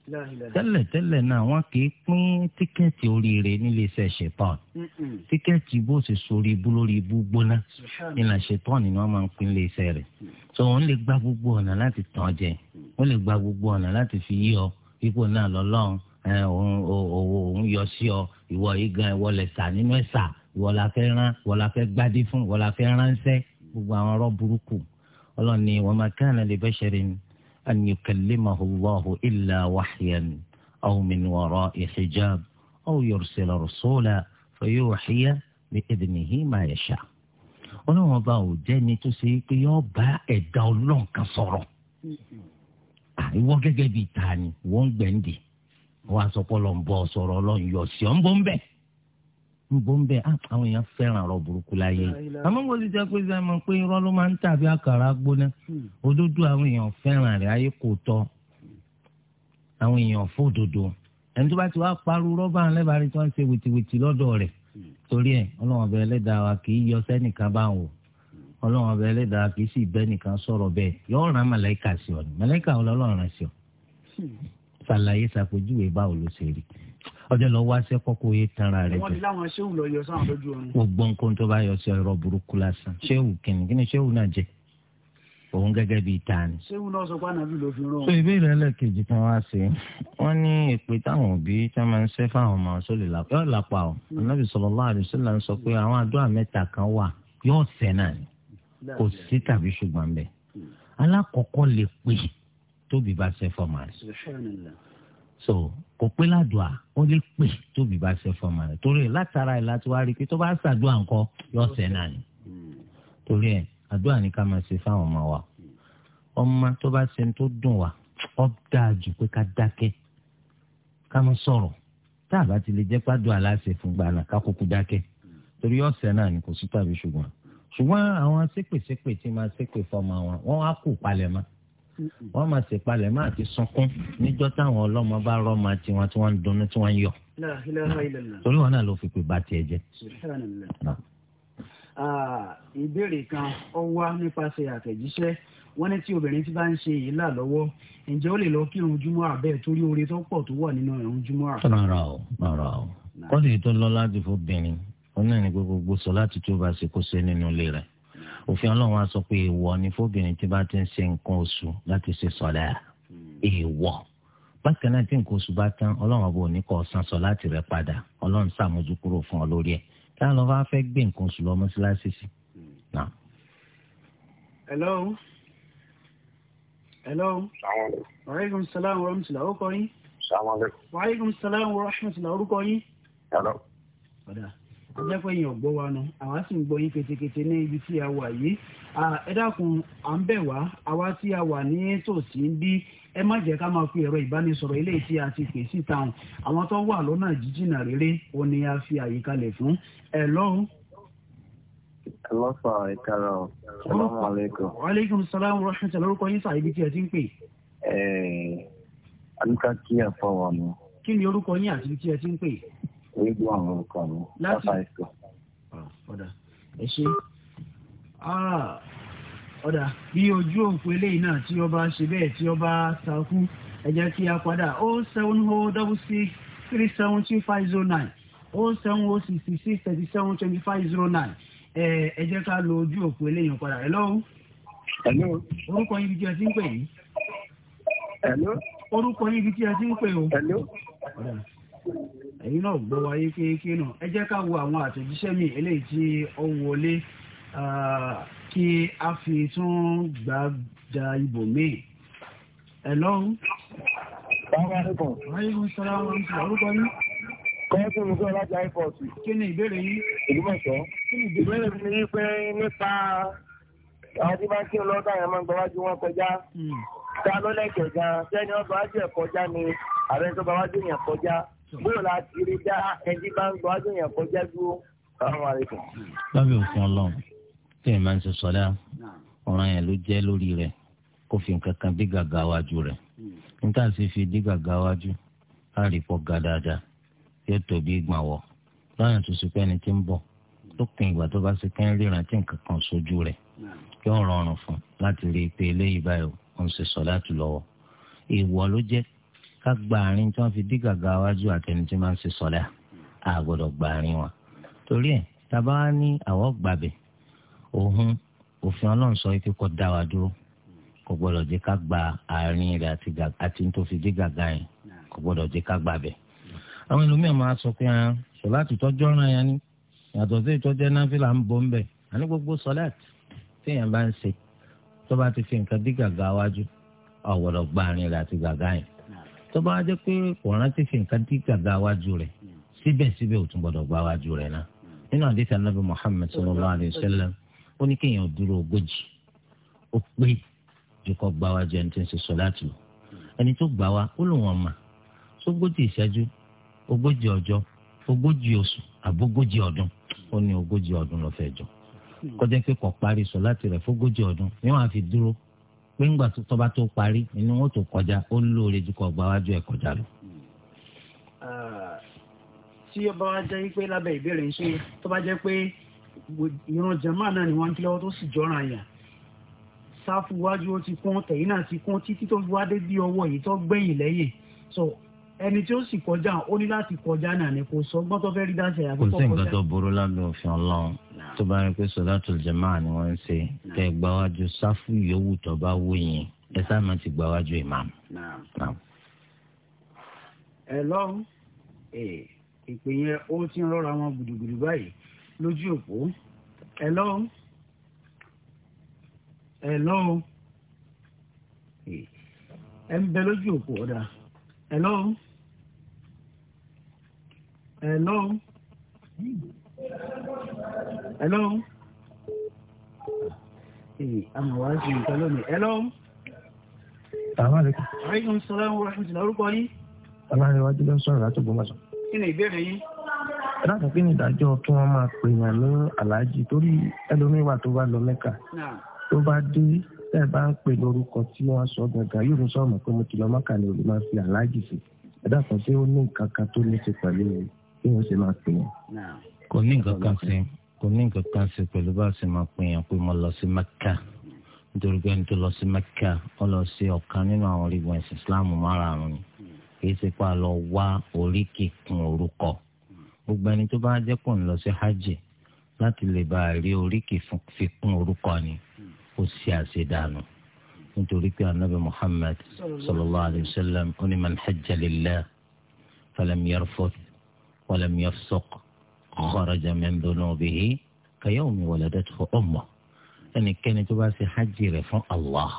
tẹ́lẹ̀ tẹ́lẹ̀ náà wọ́n kì í pín tíkẹ́ẹ̀tì oríire nílé iṣẹ́ ṣètọ́n hmm. tíkẹ́ẹ̀tì bó ṣe sórí ibú lórí ibú gbóná ìlà ṣètọ́n ni wọ́n máa ń pín ilé iṣẹ́ rẹ̀ tó hmm. wọ́n lè gba gbogbo ọ̀nà láti tàn jẹ wọ́n lè gba gbogbo ọ̀nà láti fi yí ọ ipò náà lọ́lọ́run òun òun yọ sí ọ ìwọ yìí gan ìwọ lẹ sà nínú ẹ sà ìwọ la fẹ́ rán ìwọ la fẹ́ gbádé fún ìwọ la fẹ́ ránṣẹ́ gbogbo àwọn ọ̀rọ̀ burúkú ọlọ́ni wa ma kana li basharin an yukallimahu Allahu illa wahyan aw min wara'i hijab aw yursila rasula fayuhiya bi idnihi ma yasha ọlọ́run ọba ò jẹ́ni tó ṣe pé yọ́ọ́ bá ẹ̀dá ọlọ́run kan sọ̀rọ̀ mm-hmm. àìwọ́ gẹ́gẹ́ bíi tani wọ́n ń wọn aṣọ pọlọ ń bọ sọ̀rọ̀ Ọlọ́run yọ sí ọ ń bọ ń bẹ ń bọ ń bẹ ah, àwọn èèyàn fẹ́ràn ọ̀rọ̀ burúkú láyé àmọ́ mo ti jẹ pé ṣe mọ̀ pé irọ́ ló máa ń tàbí àkàrà gbóná hmm. òdodo àwọn èèyàn fẹ́ràn rẹ̀ ayé kò tọ́ àwọn èèyàn fòdodo ẹni tó bá ti wá parú rọ́bà ńlẹ́bàárí tó ń ṣe wìtìwìtì lọ́dọ̀ rẹ̀ hmm. torí ẹ̀ ọlọ́run ọbẹ̀ ẹlẹ́dàá wa kì í yọ sẹ́nìkan bá wò ọlọ́run ọbẹ̀ ẹlẹ́dàá kì í ṣàlàyé ṣàpèjúwe báwo ló ṣe rí ọjọ́ lọ wá sẹ́kọ́ kó yé tanra rẹ̀ jù. wọ́n ti láwọn ṣéwù lọ yọ sáwọn lójú oorun. gbogbo nǹkan tó bá yọ sí ọ̀rọ̀ burúkú lásán ṣéwù kìnnì kí ni ṣéwù náà jẹ òun gẹ́gẹ́ bíi ta ni. ṣéwù náà sọ pé ànábì ló fi rán. so ìbéèrè ẹlẹ́kejì tí wọ́n á ṣe wọ́n ní èpè táwọn òbí tí wọ́n máa ń ṣe fáwọn ọmọ ọ̀ṣọ́ lápá lápá o hmm. ànábì sallallahu alaihi wasallam ń sọ pé àwọn àdúrà mẹ́ta kan wà yóò ṣẹ náà ni hmm. kò sí tàbí ṣùgbọ́n bẹ́ẹ̀ hmm. alákọ̀ọ́kọ́ lè pè é tóbi bá ṣe fọmọ rẹ so kò pé ládùá ó lè pè tóbi bá ṣe fọmọ rẹ torí ẹ látara ẹ láti wá rí i pé tó bá ṣàdúrà nǹkan yọ ọsẹ náà ni torí ẹ àdúrà ni ká máa ṣe fáwọn ọmọ wa ọmọ tó bá ṣe tó dùn wá ọ dáa jù pé ká dákẹ́ ká má sọ̀rọ̀ tá a bá ti lè jẹ́ pàdùn aláṣẹ fún gbàlà ká kúkú dákẹ́ torí ọ̀sẹ̀ náà ni kò sí tàbí ṣùgbọ́n ṣùgbọ́n àwọn ṣépèṣépè tí máa ṣépè fọmọ wọn wọ́n á kú palẹ̀ mọ́ wọ́n máa ṣèpalẹ̀ máa ti sunkún níjọ́ táwọn ọlọ́mọ bá rọ́ọ̀mà tiwọn tí wọ́n ń dunnú tí wọ́n ń yọ̀. torí wọn náà ló fi pè bá tiẹ̀ jẹ́. ìbéèrè kan ó wá nípasẹ̀ àtẹ̀jíṣẹ́ wọ́n ní tí obìnrin ti bá ń ṣe èyí là lọ́wọ́ ǹjẹ́ ó lè lọ kí irun júmọ́ àbẹ́ torí oore tó pọ̀ tó wà nínú irun júmọ́ à. rárá o rárá o kọ́ni tó lọ́lá ti fún obìnrin ó náà ní gbogbo sọ láti tó bá ṣe kó ṣe nínú ilé rẹ̀ òfin ọlọ́run wa sọ pé èèwọ̀ ni fóbìnrin tí bá ti ń ṣe nǹkan oṣù láti ṣe sọ̀lá èèwọ̀ bákan náà tí nǹkan oṣù bá tán ọlọ́run ọba òní kọ́ san sọ láti rẹ padà ọlọ́run ṣàmójú kúrò fún ọ lórí ẹ̀ kí wọn lọ bá fẹ́ gbé nǹkan oṣù lọ mọ́ṣáláṣí sí. hello hello aleykum salaam wa rahmatulah orúkọ yín. salaamaleykum. wa aleykum salaam wa rahmatulah orúkọ yín. hello jẹ́pẹ́ yẹn ọ̀gbọ́ wa nu àwa sì ń gbọ́ yín ketekete ní ibi tí a wà yìí ẹ dákun à ń bẹ̀ wá àwa tí a wà ní tòsí ń bí ẹ má jẹ́ ká máa fi ẹ̀rọ ìbánisọ̀rọ̀ eléyìí tí a ti pè síta hàn àwọn tó wà lọ́nà jíjìnà rere ó ní a fi àyè kalẹ̀ fún ẹ lọ́hùn. ẹ lọ fà ẹ kára o salamu aleykum. wa aleykum salaam wa rahmatulah lórúkọ yín sàyè ibi tí ẹ ti ń pè. ẹ alukaki àfọwọ́ mi. kí ni orúkọ yín àti ibi tí ẹ ti ń pè orígbó àwọn orúkọ mi lápá ìsọ. ọ̀dà ẹ ṣe ah, ọ̀dà bí ojú òǹkù eléyìí náà tí ọba ṣe bẹ́ẹ̀ tí ọba takú ẹ jẹ́ kí a padà o oh seven o oh double six three seven two five zero nine o oh seven o sixty six thirty seven twenty five zero nine ẹ jẹ́ ká lo ojú òpó eléyìí padà hello. hello. orúkọ yín ibi tí ẹ ti ń pè yìí. hello. orúkọ yín ibi tí ẹ ń pè o. hello ẹ̀yin náà gbọ́ wa yékéyéké náà ẹ jẹ́ ká wo àwọn àtẹ̀jíṣẹ́ mi eléyìí tí ó wọlé kí a fi tún gbàgbà ibò míì. Hello. aleykum salaam wa rahmatulah orúkọ yín. kọ́ńtù mi sọ láti àìpọ̀tù. kí ni ìbéèrè yín. ìdúmọ̀sọ́. ìbéèrè mi ni pé nípa àwọn tí bá ń kí ọlọ́dà yẹn máa ń gbọ́wájú wọn kọjá. Hmm. ta ló lẹ́kẹ̀ẹ́ gan-an sẹ́ni ọba ajẹ́ kọjá ni ààrẹ tó bá wájú yẹn kọjá bóyá láti rí dá ẹjí bá ń gbọ́ ọdún yẹn kọjá dúró. lábẹ́ òfin ọlọ́run tí èèyàn máa ń ṣe sọ́dá ọ̀ràn yẹn ló jẹ́ lórí rẹ̀ kó fi nǹkan kan dí gàgà wájú rẹ̀ níta sì fi dí gàgà wájú láàrin pọ̀ ga dáadáa yóò tóbi ìgbàwọ̀ lọ́yàn tó sì pé ẹni tí ń bọ̀ lópin ìgbà tó bá ṣe kẹ́ ń ríran tí nǹkan kan sójú rẹ̀ yóò rọrùn fún láti rí i pé eléyìí báyìí ó ń ṣe sọ́dá tù lọ́wọ́ ló jẹ́ ká gba àárín tí wọ́n fi dí gàgà wájú àtẹni tí máa ń ṣe sọ́lá a gbọ́dọ̀ gba àárín wọn. torí ẹ̀ tábà wá ní àwọ̀ gbàbẹ̀ òun òfin ọlọ́run sọ pé kó dá wa dúró kò gbọ́dọ̀ jẹ́ ká gba àárín rẹ̀ àti tó fi dí gàgà yẹn kò gbọ́dọ̀ jẹ́ ká gbàbẹ̀. àwọn ẹlòmíràn máa sọ pé sọlá ah, tìtọ́jú ọ̀ràn yẹn ni yàtọ̀ sí ìtọ́jú ẹ̀ náà fi là ń bọ̀ ń àní gbogbo sọlá téèyàn bá ń ṣe tó bá ti fi nǹkan dí gàgà wájú ọ̀wọ̀dọ̀ gba àárín àti gàgà yẹn tó bá jẹ́ pé kò rántí fi nǹkan tí gàgà wájú rẹ̀ síbẹ̀síbẹ̀ ò tún gbọ́dọ̀ gbá wájú rẹ̀ náà nínú àdéhùn anábì Muhammad sallallahu alayhi wa sallam ó ní kéèyàn dúró ogójì ó pé ju kọ́ gbá wájú ẹni tó ń ṣe sọ́láàtì lọ ẹni tó gbà wá ó lòun ọ̀ma sógójì ìṣẹ́jú ogójì ọjọ́ ogójì oṣù àbógójì ọdún ó ní ogójì ọdún lọ́fẹ̀ẹ́ jọ kọjá pé kò parí sọ́láàtì rẹ̀ fógójì ọdún ni wọ́n á fi dúró pé ńgbà tó tọ́ba tó parí inú wọn tó kọjá ó lóore jù kọ́ gbáwájú ẹ̀ kọjá lọ. Ah, tí ọba wa jẹ́ pé lábẹ́ ìbéèrè ń ṣe tó bá jẹ́ pé ìran jama náà ni wọ́n ń kílọ́wọ́ tó sì jọra yàn sáfù wájú ó ti kún tẹ̀yìn náà ti kún títí tó wá dé bí ọwọ́ yìí tó gbẹ̀yìn lẹ́yìn so ẹni tí ó sì kọjá ó ní láti kọjá náà ni kò sọ gbọ́n tó fẹ́ rí dáṣẹ́ àbí kò kọjá. kò sí nǹkan tó burú lábẹ́ òfin ọlọ́run tó bá rí pé sọ́dọ̀tò jẹ̀máà ni wọ́n ń ṣe tẹ́ ẹ gbá wájú sáfù yòówù tó bá wù yín ẹ sáàmù ti gbá wájú ìmáàmù. ẹ lọ́run ìpè yẹn ó ti ń rọra wọn gbùdùgbùdù báyìí lójú òpó ẹ lọ́run ẹ lọ́run ẹ ń bẹ lójú òpó ọ̀dà ẹ lọ́run. Hello. Hello. Ee, àmọ̀ wá sí nǹkan lónìí. Hello. Assalamu alaikum. Aleykum salaam wa rahmatullahi orúkọ yín. Aláàrẹ wájú ló ń sọ̀rọ̀ láti Ògbómọ̀ṣọ́. Kí ni ìbéèrè yín? Láti kí ni ìdájọ́ kí wọ́n máa pèèyàn ní àlàájì torí ẹlòmíwà tó bá lọ Mẹ́kà. Tó bá dé tẹ́ bá ń pè lórúkọ tí wọ́n sọ gangan yóò ní sọ́ọ̀mù pé mo ti lọ Mẹ́kà ni olè máa fi àlàájì sí. Ẹ dákun ṣé ó ní nǹkan kan tó ní ṣe pẹ̀lú bí wọ́n ṣe máa pè yẹn. kò ní nǹkan kan sí kò ní nǹkan kan sí pẹ̀lú bá a ṣe máa pè yẹn pé mo lọ sí mẹ́kà nítorí pé ẹni tó lọ sí mẹ́kà ó lọ sí ọ̀kan nínú àwọn orígun ẹ̀sìn islam márààrún ni hmm. kì í ṣe pa lọ wá oríkì kún orúkọ gbogbo ẹni tó bá jẹ́ kó ń lọ sí hajj láti lè bá a rí oríkì fi orúkọ ni ó ṣe àṣedànù nítorí pé anabi muhammad sallallahu alayhi wa sallam ó ní man hajja lillah falam yarfuth. ولم يفسق خرج من ذنوبه كيوم ولدته أمه ẹnì kẹ́ni tó bá ṣe hajj rẹ̀ fún allah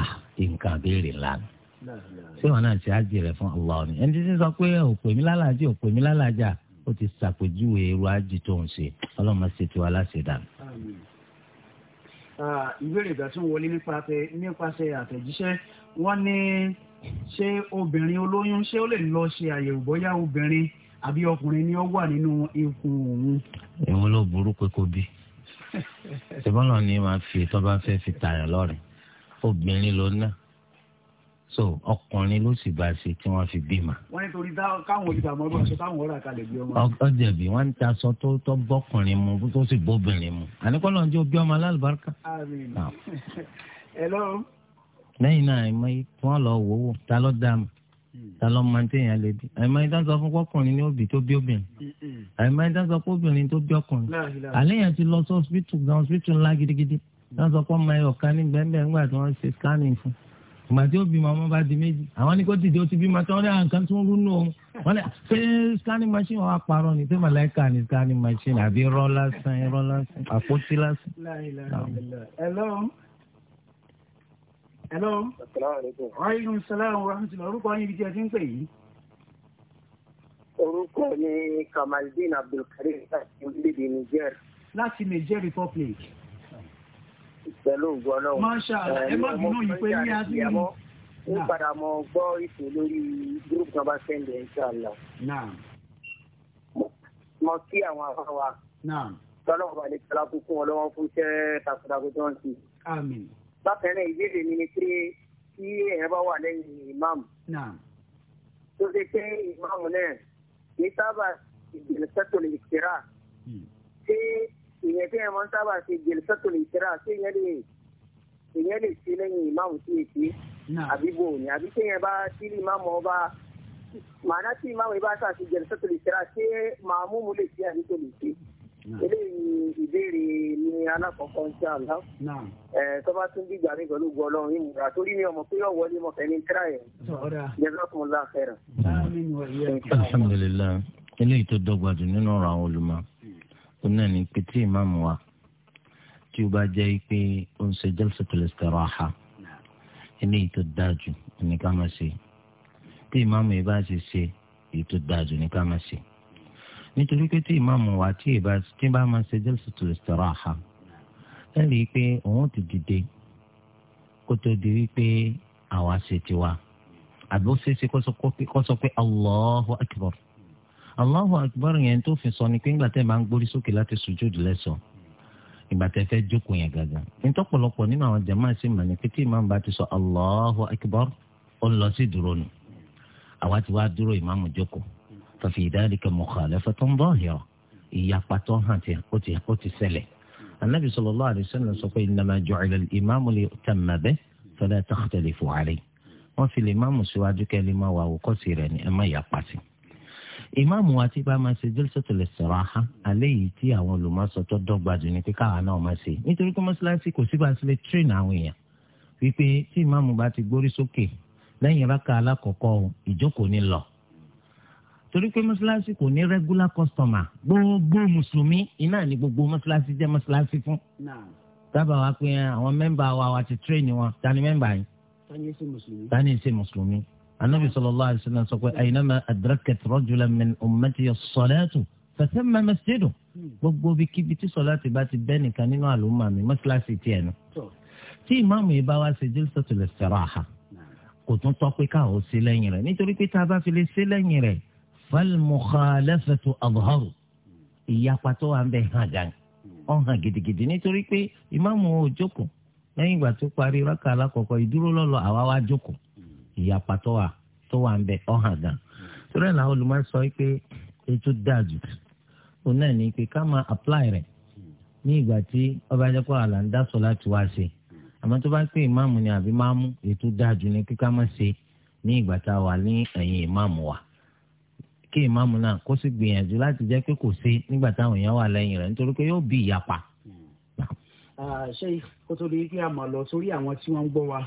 ah nǹkan abéèrè lánàá ṣé wọn náà ṣe hajj rẹ̀ fún allah ni ẹni tí sọ pé òpè mi lálàájá òpè mi lálàájá ó ti ṣàpèjúwe irú hajj tó ń ṣe ọlọ́mọ ṣe tiwa láṣẹ dànù. ìbéèrè ìgbà tí wọ́n wọlé nípasẹ̀ àtẹ̀jíṣẹ́ wọ́n ní ṣé obìnrin olóyún ṣé ó lè lọ ṣe àyẹ̀wò bóyá obìnrin àbí ọkùnrin ni ó wà nínú ikùn òun. èèwọ̀n ló burú pé kó bí ṣùgbọ́n náà ni màá fi tó bá fẹ́ fi tààyàn lọ́rẹ̀ obìnrin ló náà so ọkùnrin ló sì bá ṣe tí wọ́n fi bímọ. wọ́n ní torí káwọn olùdàmọ ọdún aṣọ táwọn ọ̀rọ̀ àkàlẹ̀ bí ọmọ. ọjọ́ ìbí wọ́n ń ta aṣọ tó tó bọ́kùnrin mu tó sì bóbìnrin mu àníkọ́ lọ́njọ́ bí ọmọ alálùbáríkà. àmín. hello lẹ́yìn náà àìmọ́ tí wọ́n lọ wò wò ta ló dá mọ̀ ta ló máa ń téèyàn lè bí àìmọ́ ẹni tó ń sọ fún ọkùnrin ní òbí tó bí obìnrin àìmọ́ ẹni tó ń sọ fún obìnrin tó bí ọkùnrin àléyàn ti lọ sí hospital gan hospital ńlá gidigidi tó ń sọ fún ọmọ ẹyọ kan ní gbẹ́ngbẹ́ ńgbà tí wọ́n ṣe scanning fún ìgbà tí ó bímọ ọmọ bá di méjì àwọn ní kó dìde ó ti bímọ tí wọ́n ní àǹkan tó ń rú nù òun wọ́n ní ṣé scanning machine wọn apàrọ̀ ní ṣé màláìka ní scanning machine àbí rọ́ lásán rọ́ lásán àpótí lásán hello. aleykum salaam wa rahmatulah orúkọ yín ibi tí ẹ ti ń pè yìí. orúkọ ni kamaldeen abdulkareem láti orílẹ̀-èdè niger. láti niger republic. pẹ̀lú gbọ́dọ̀. masha allah ẹ má bínú yìí pé ní asínú. ń padà mọ gbọ́ ìpè lórí group number ten de inshala. mo kí àwọn afọ wa. tọ́lọ́ ọba lè tọ́lá kúkú ọlọ́wọ́ fún iṣẹ́ takuntakun tó ń sìn bákan náà ìbéèrè mi ni pé tí èèyàn bá wà lẹ́yìn ìmáàmù. tó ṣe pé ìmáàmù náà ní sábà ìgbẹ̀lẹ́sẹ̀tò lè kíra. ṣé ìyẹn tí èèyàn máa ń sábà ṣe ìgbẹ̀lẹ́sẹ̀tò lè kíra ṣé ìyẹn lè èèyàn lè ṣe lẹ́yìn ìmáàmù sí èsì àbí bò ní àbí tí èèyàn bá tí ìmáàmù ọba màánà tí ìmáàmù ìbá ṣàṣì ìgbẹ̀lẹ́sẹ̀tò lè kíra ṣé màmúmu lè ṣe àbí lè ṣe eléyìí ìbéèrè ní alákọ̀ọ́kọ́ ń ṣe àlá. tó bá tún dìgbà mi pẹ̀lú gbọ́ ọlọ́run yìí múra torí mi ọmọ pé yóò wọlé mọ̀ fẹ́ni tíra yẹn. jazakumullahu khairan. alhamdulilayi eléyìí tó dọ́gba jù nínú ọ̀rọ̀ àwọn olùmọ̀ ó náà ní pé tí ìmáàmù wa tí ó bá jẹ́ pé ó ń ṣe jalsatul istiraha eléyìí tó dáa jù ní máa ṣe tí ìmáàmù yìí bá ṣe ṣe èyí tó dáa jù ní máa ṣe nítorí pé tí ìmáàmù wa tí ìbá tí bá máa ṣe jalsatul istiraha ẹ rí i pé òun ti dìde kó tó di wípé àwa ṣe tiwa àbí ó ṣeéṣe kó sọ pé Allahu akbar Allahu akbar yẹn tó fi sọ ni pé ńgbà tẹ́ máa ń gbórí sókè láti sùjúdù lẹ́sọ̀ọ́ ìgbà tẹ́ fẹ́ jókòó yẹn gangan nítọ́pọ̀lọpọ̀ nínú àwọn jama ṣe mọ̀ ní pété ìmáàmù bá ti sọ Allahu akbar ó lọ sí dúró nù àwa ti wá dúró ìmáàmù jókòó ففي ذلك مخالفة ظاهرة ìyapatọ́ hàn tí ó ti ó ti ṣẹlẹ̀. anabi sallallahu alaihi wasallam sọ pé innama ju'ila al-imamu liyu'tamma bihi fala takhtalifu alayhi. wọ́n fi lè máàmù síwájú kẹ́ lè máa wà àwòkọ́sì rẹ̀ ní ẹ má yà pàṣẹ. ìmáàmù wa ti bá máa ṣe jalsatul istiraha alẹ́ yìí tí àwọn olùmọ̀sọ tó dọ́gba jù ní pé káwa náà máa ṣe. nítorí pé mọ́ṣáláṣí kò sí bá a ṣe lè tírìn àwọn èèyàn wípé tí ìmáàmù bá ti gbórí sókè lẹ́yìn rákà alákọ̀ọ́kọ́ ìjókòó ní lọ torí pé mọ́ṣáláṣí kò ní regular customer gbogbo mùsùlùmí iná ní gbogbo mọ́ṣáláṣí jẹ́ mọ́ṣáláṣí fún. dábàá wa pé eh, àwọn mẹ́mbà wa wa ti train wọn ta ni mẹ́mbà yìí. ta ni ṣe mùsùlùmí. anabi sallallahu alaihi wasallam sọ pé aynama adrakat rajulan min ummati as-salatu fatamma masjidu. Hmm. gbogbo bí kíbi tí sọlá ti bá ti bẹ́ nìkan nínú àlùmọ́ mi mọ́ṣáláṣí tiẹ̀ nù. tí ìmáàmù yìí bá wá ṣe jilsatul istiraha kò tún tọ́ falmukhalafatu adharu ìyapa tó wà ń bẹ hàn gan ọ hàn gidigidi nítorí pé ìmáàmù ò jókòó lẹ́yìn ìgbà tó parí rákà alákọ̀ọ́kọ́ ìdúró lọ́lọ́ àwa wá jókòó ìyapa tó wà tó wà ń bẹ ọ hàn gan torí ẹ̀ làwọn olùmọ̀ sọ pé ètò dáa jù òun náà ní pé ká máa apply rẹ̀ ní ìgbà tí ọba jẹ́ kó àlà ń dásọ láti wá ṣe àmọ́ tó bá pé ìmáàmù ni àbí máàmù ètò dáa jù ní kíkà má ṣe ní ìgbà tá a wà ní ẹ̀yìn ìmáàmù wa kí ìmáàmù náà kó sì gbìyànjú láti jẹ́ pé kò sí nígbà táwọn èèyàn wà lẹ́yìn rẹ̀ nítorí pé yóò bí ìyapa. Hmm. Ah, ṣé kó tó di pé a mọ̀ lọ sórí àwọn tí wọ́n ń gbọ́ wa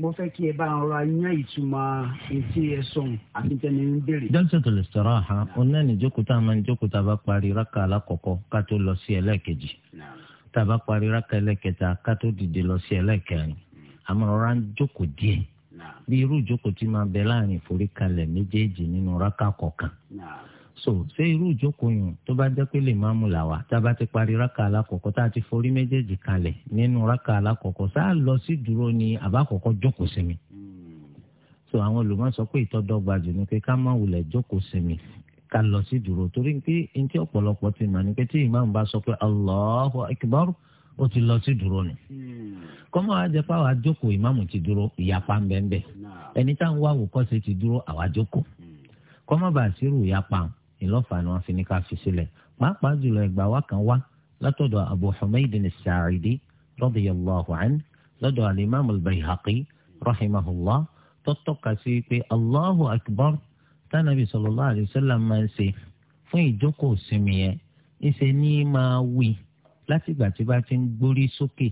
mo fẹ́ kí ẹ bá ń ra yán ìtumọ̀ etí ẹ sọ̀n àti tẹ́ni ń béèrè. jọ́sẹ̀ tó lè sọ̀rọ̀ àhá oná ní jókòó tá a máa ń jókòó tá bá parí rákà alákọ̀ọ́kọ́ ká tó lọ sí ẹlẹ́ẹ̀kejì hmm. tá a bá parí rákà ẹlẹ́ẹ̀kẹta ká tó dìde lọ sí ẹlẹ́ẹ̀kẹrin àmọ́ ọ̀rá ń jókòó díẹ̀ bí irú ìjókòó tí máa bẹ láàrin ìforíkalẹ̀ méjèèjì nínú rákà kọ̀ọ̀kan so ṣé irú ìjókòó yẹn tó bá jẹ́ pé lè máa mú là wá tá a bá ti parí rákà alákọ̀ọ́kọ́ tá a ti forí méjèèjì kalẹ̀ nínú rákà alákọ̀ọ́kọ́ sá lọ sí dúró ni àbákọ̀ọ́kọ́ jókòó sí hmm. so àwọn olùmọ̀ sọ pé ìtọ́dọ̀gba jù ni pé ká má wulẹ̀ jókòó sí mi ká lọ sí dúró torí pé ntí ọ̀pọ̀lọpọ̀ ti mà ní pé tí ìmáàmù bá sọ pé Allahu Akbar ó ti lọ sí dúró nù. Hmm. kọ́mọ́ àjẹpá wa jókòó ìmáàmù ti dúró ìyapa ń bẹ́ẹ̀ bẹ́ẹ̀ ẹni táwọn wá àwòkọ́ṣe ti dúró àwa jókòó hmm. kọ́mọ́ bá sírù ìyapa ìlọ́fà ni wọ́n fi ní ká fi sílẹ̀ pàápàá jùlọ ẹgbà wa kan wá látọ̀dọ̀ Abu Humayd as-Sa'idi radiyallahu anhu lọ́dọ̀ al-Imam al-Bayhaqi rahimahullah tó tọ́ka sí pé Allahu akbar tánàbí sallallahu alayhi wa sallam máa ń ṣe fún ìjókòó sinmi yẹn ìṣe látìgbà tí bá ti ń gbórí sókè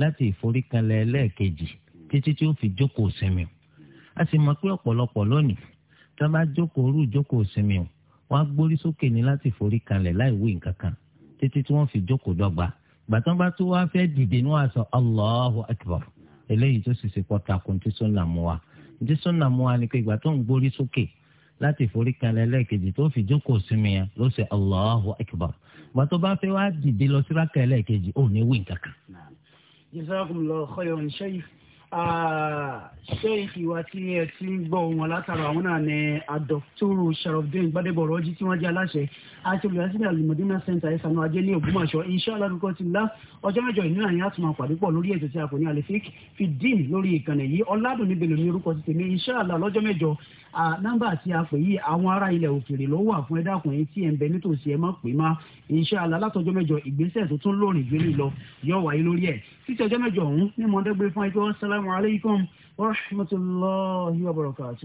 láti ìforíkanlẹ̀ ẹlẹ́ẹ̀kejì títí tí ó fi jókòó sinmi o a sì mọ̀ pé ọ̀pọ̀lọpọ̀ lónìí tí wọ́n bá jókòó rú jókòó sinmi o wọ́n á gbórí sókè ní láti ìforíkanlẹ̀ láì wí nǹkan kan títí tí wọ́n fi jókòó dọ́gba gbàtàn bá tó wá fẹ́ dìde ní wàá sọ Allahu Akbar eléyìí tó sì ṣe pọ̀ takùn tí sọ́nà mú wa tí sọ́nà mú wa ni pé ìgbà tó ń gbórí sókè láti forí kalẹ̀ lẹ́ẹ̀kejì tó fi jókòó sinmi yẹn ló ṣe Allahu Akbar wọn tó bá fẹ́ wá dìde lọ síra kalẹ̀ lẹ́ẹ̀kejì ò ní wí nǹkan kan. jazakumullahu khairan shaykh ṣé ìwà tí ẹ ti ń gbọ́ wọn látara àwọn náà ni adọ́tòrò sharafdin gbadebo ọ̀rọ̀jì tí wọ́n jẹ́ aláṣẹ àti olùdásílẹ̀ alimọ̀dínà center ẹ̀sánú ajé ní ògbómọ̀ṣọ́ iṣẹ́ alárúkọ ti lá ọjọ́ mẹ́jọ ìlú náà ni a tún máa pàdé pọ̀ lórí ètò tí a kò ní àlefik fi dín lórí ìkànnì yìí ọ̀làdùn níbi lòní orúkọ ti tèmi iṣẹ́ àlà lọ́jọ́ mẹ́jọ nọ́mbà tí a pè yìí àwọn ará ilẹ̀ òkèèrè ló wà fún ẹ̀dá ọkùnrin tí ẹ̀ ń bẹ nítòsí ẹ̀ má pè má iṣẹ́ àlà látọjọ́ mẹ́jọ ìgbésẹ̀ tó tún lóòrìn gbé nílọ yóò wáyé lórí ẹ̀ títẹ̀ ọjọ́ mẹ́jọ ọ̀hún ní mọ̀ọ́dẹ́gbẹ́ fún ẹjọ́ sálámù aláìkọ́m rahmatulahi wa barakatu.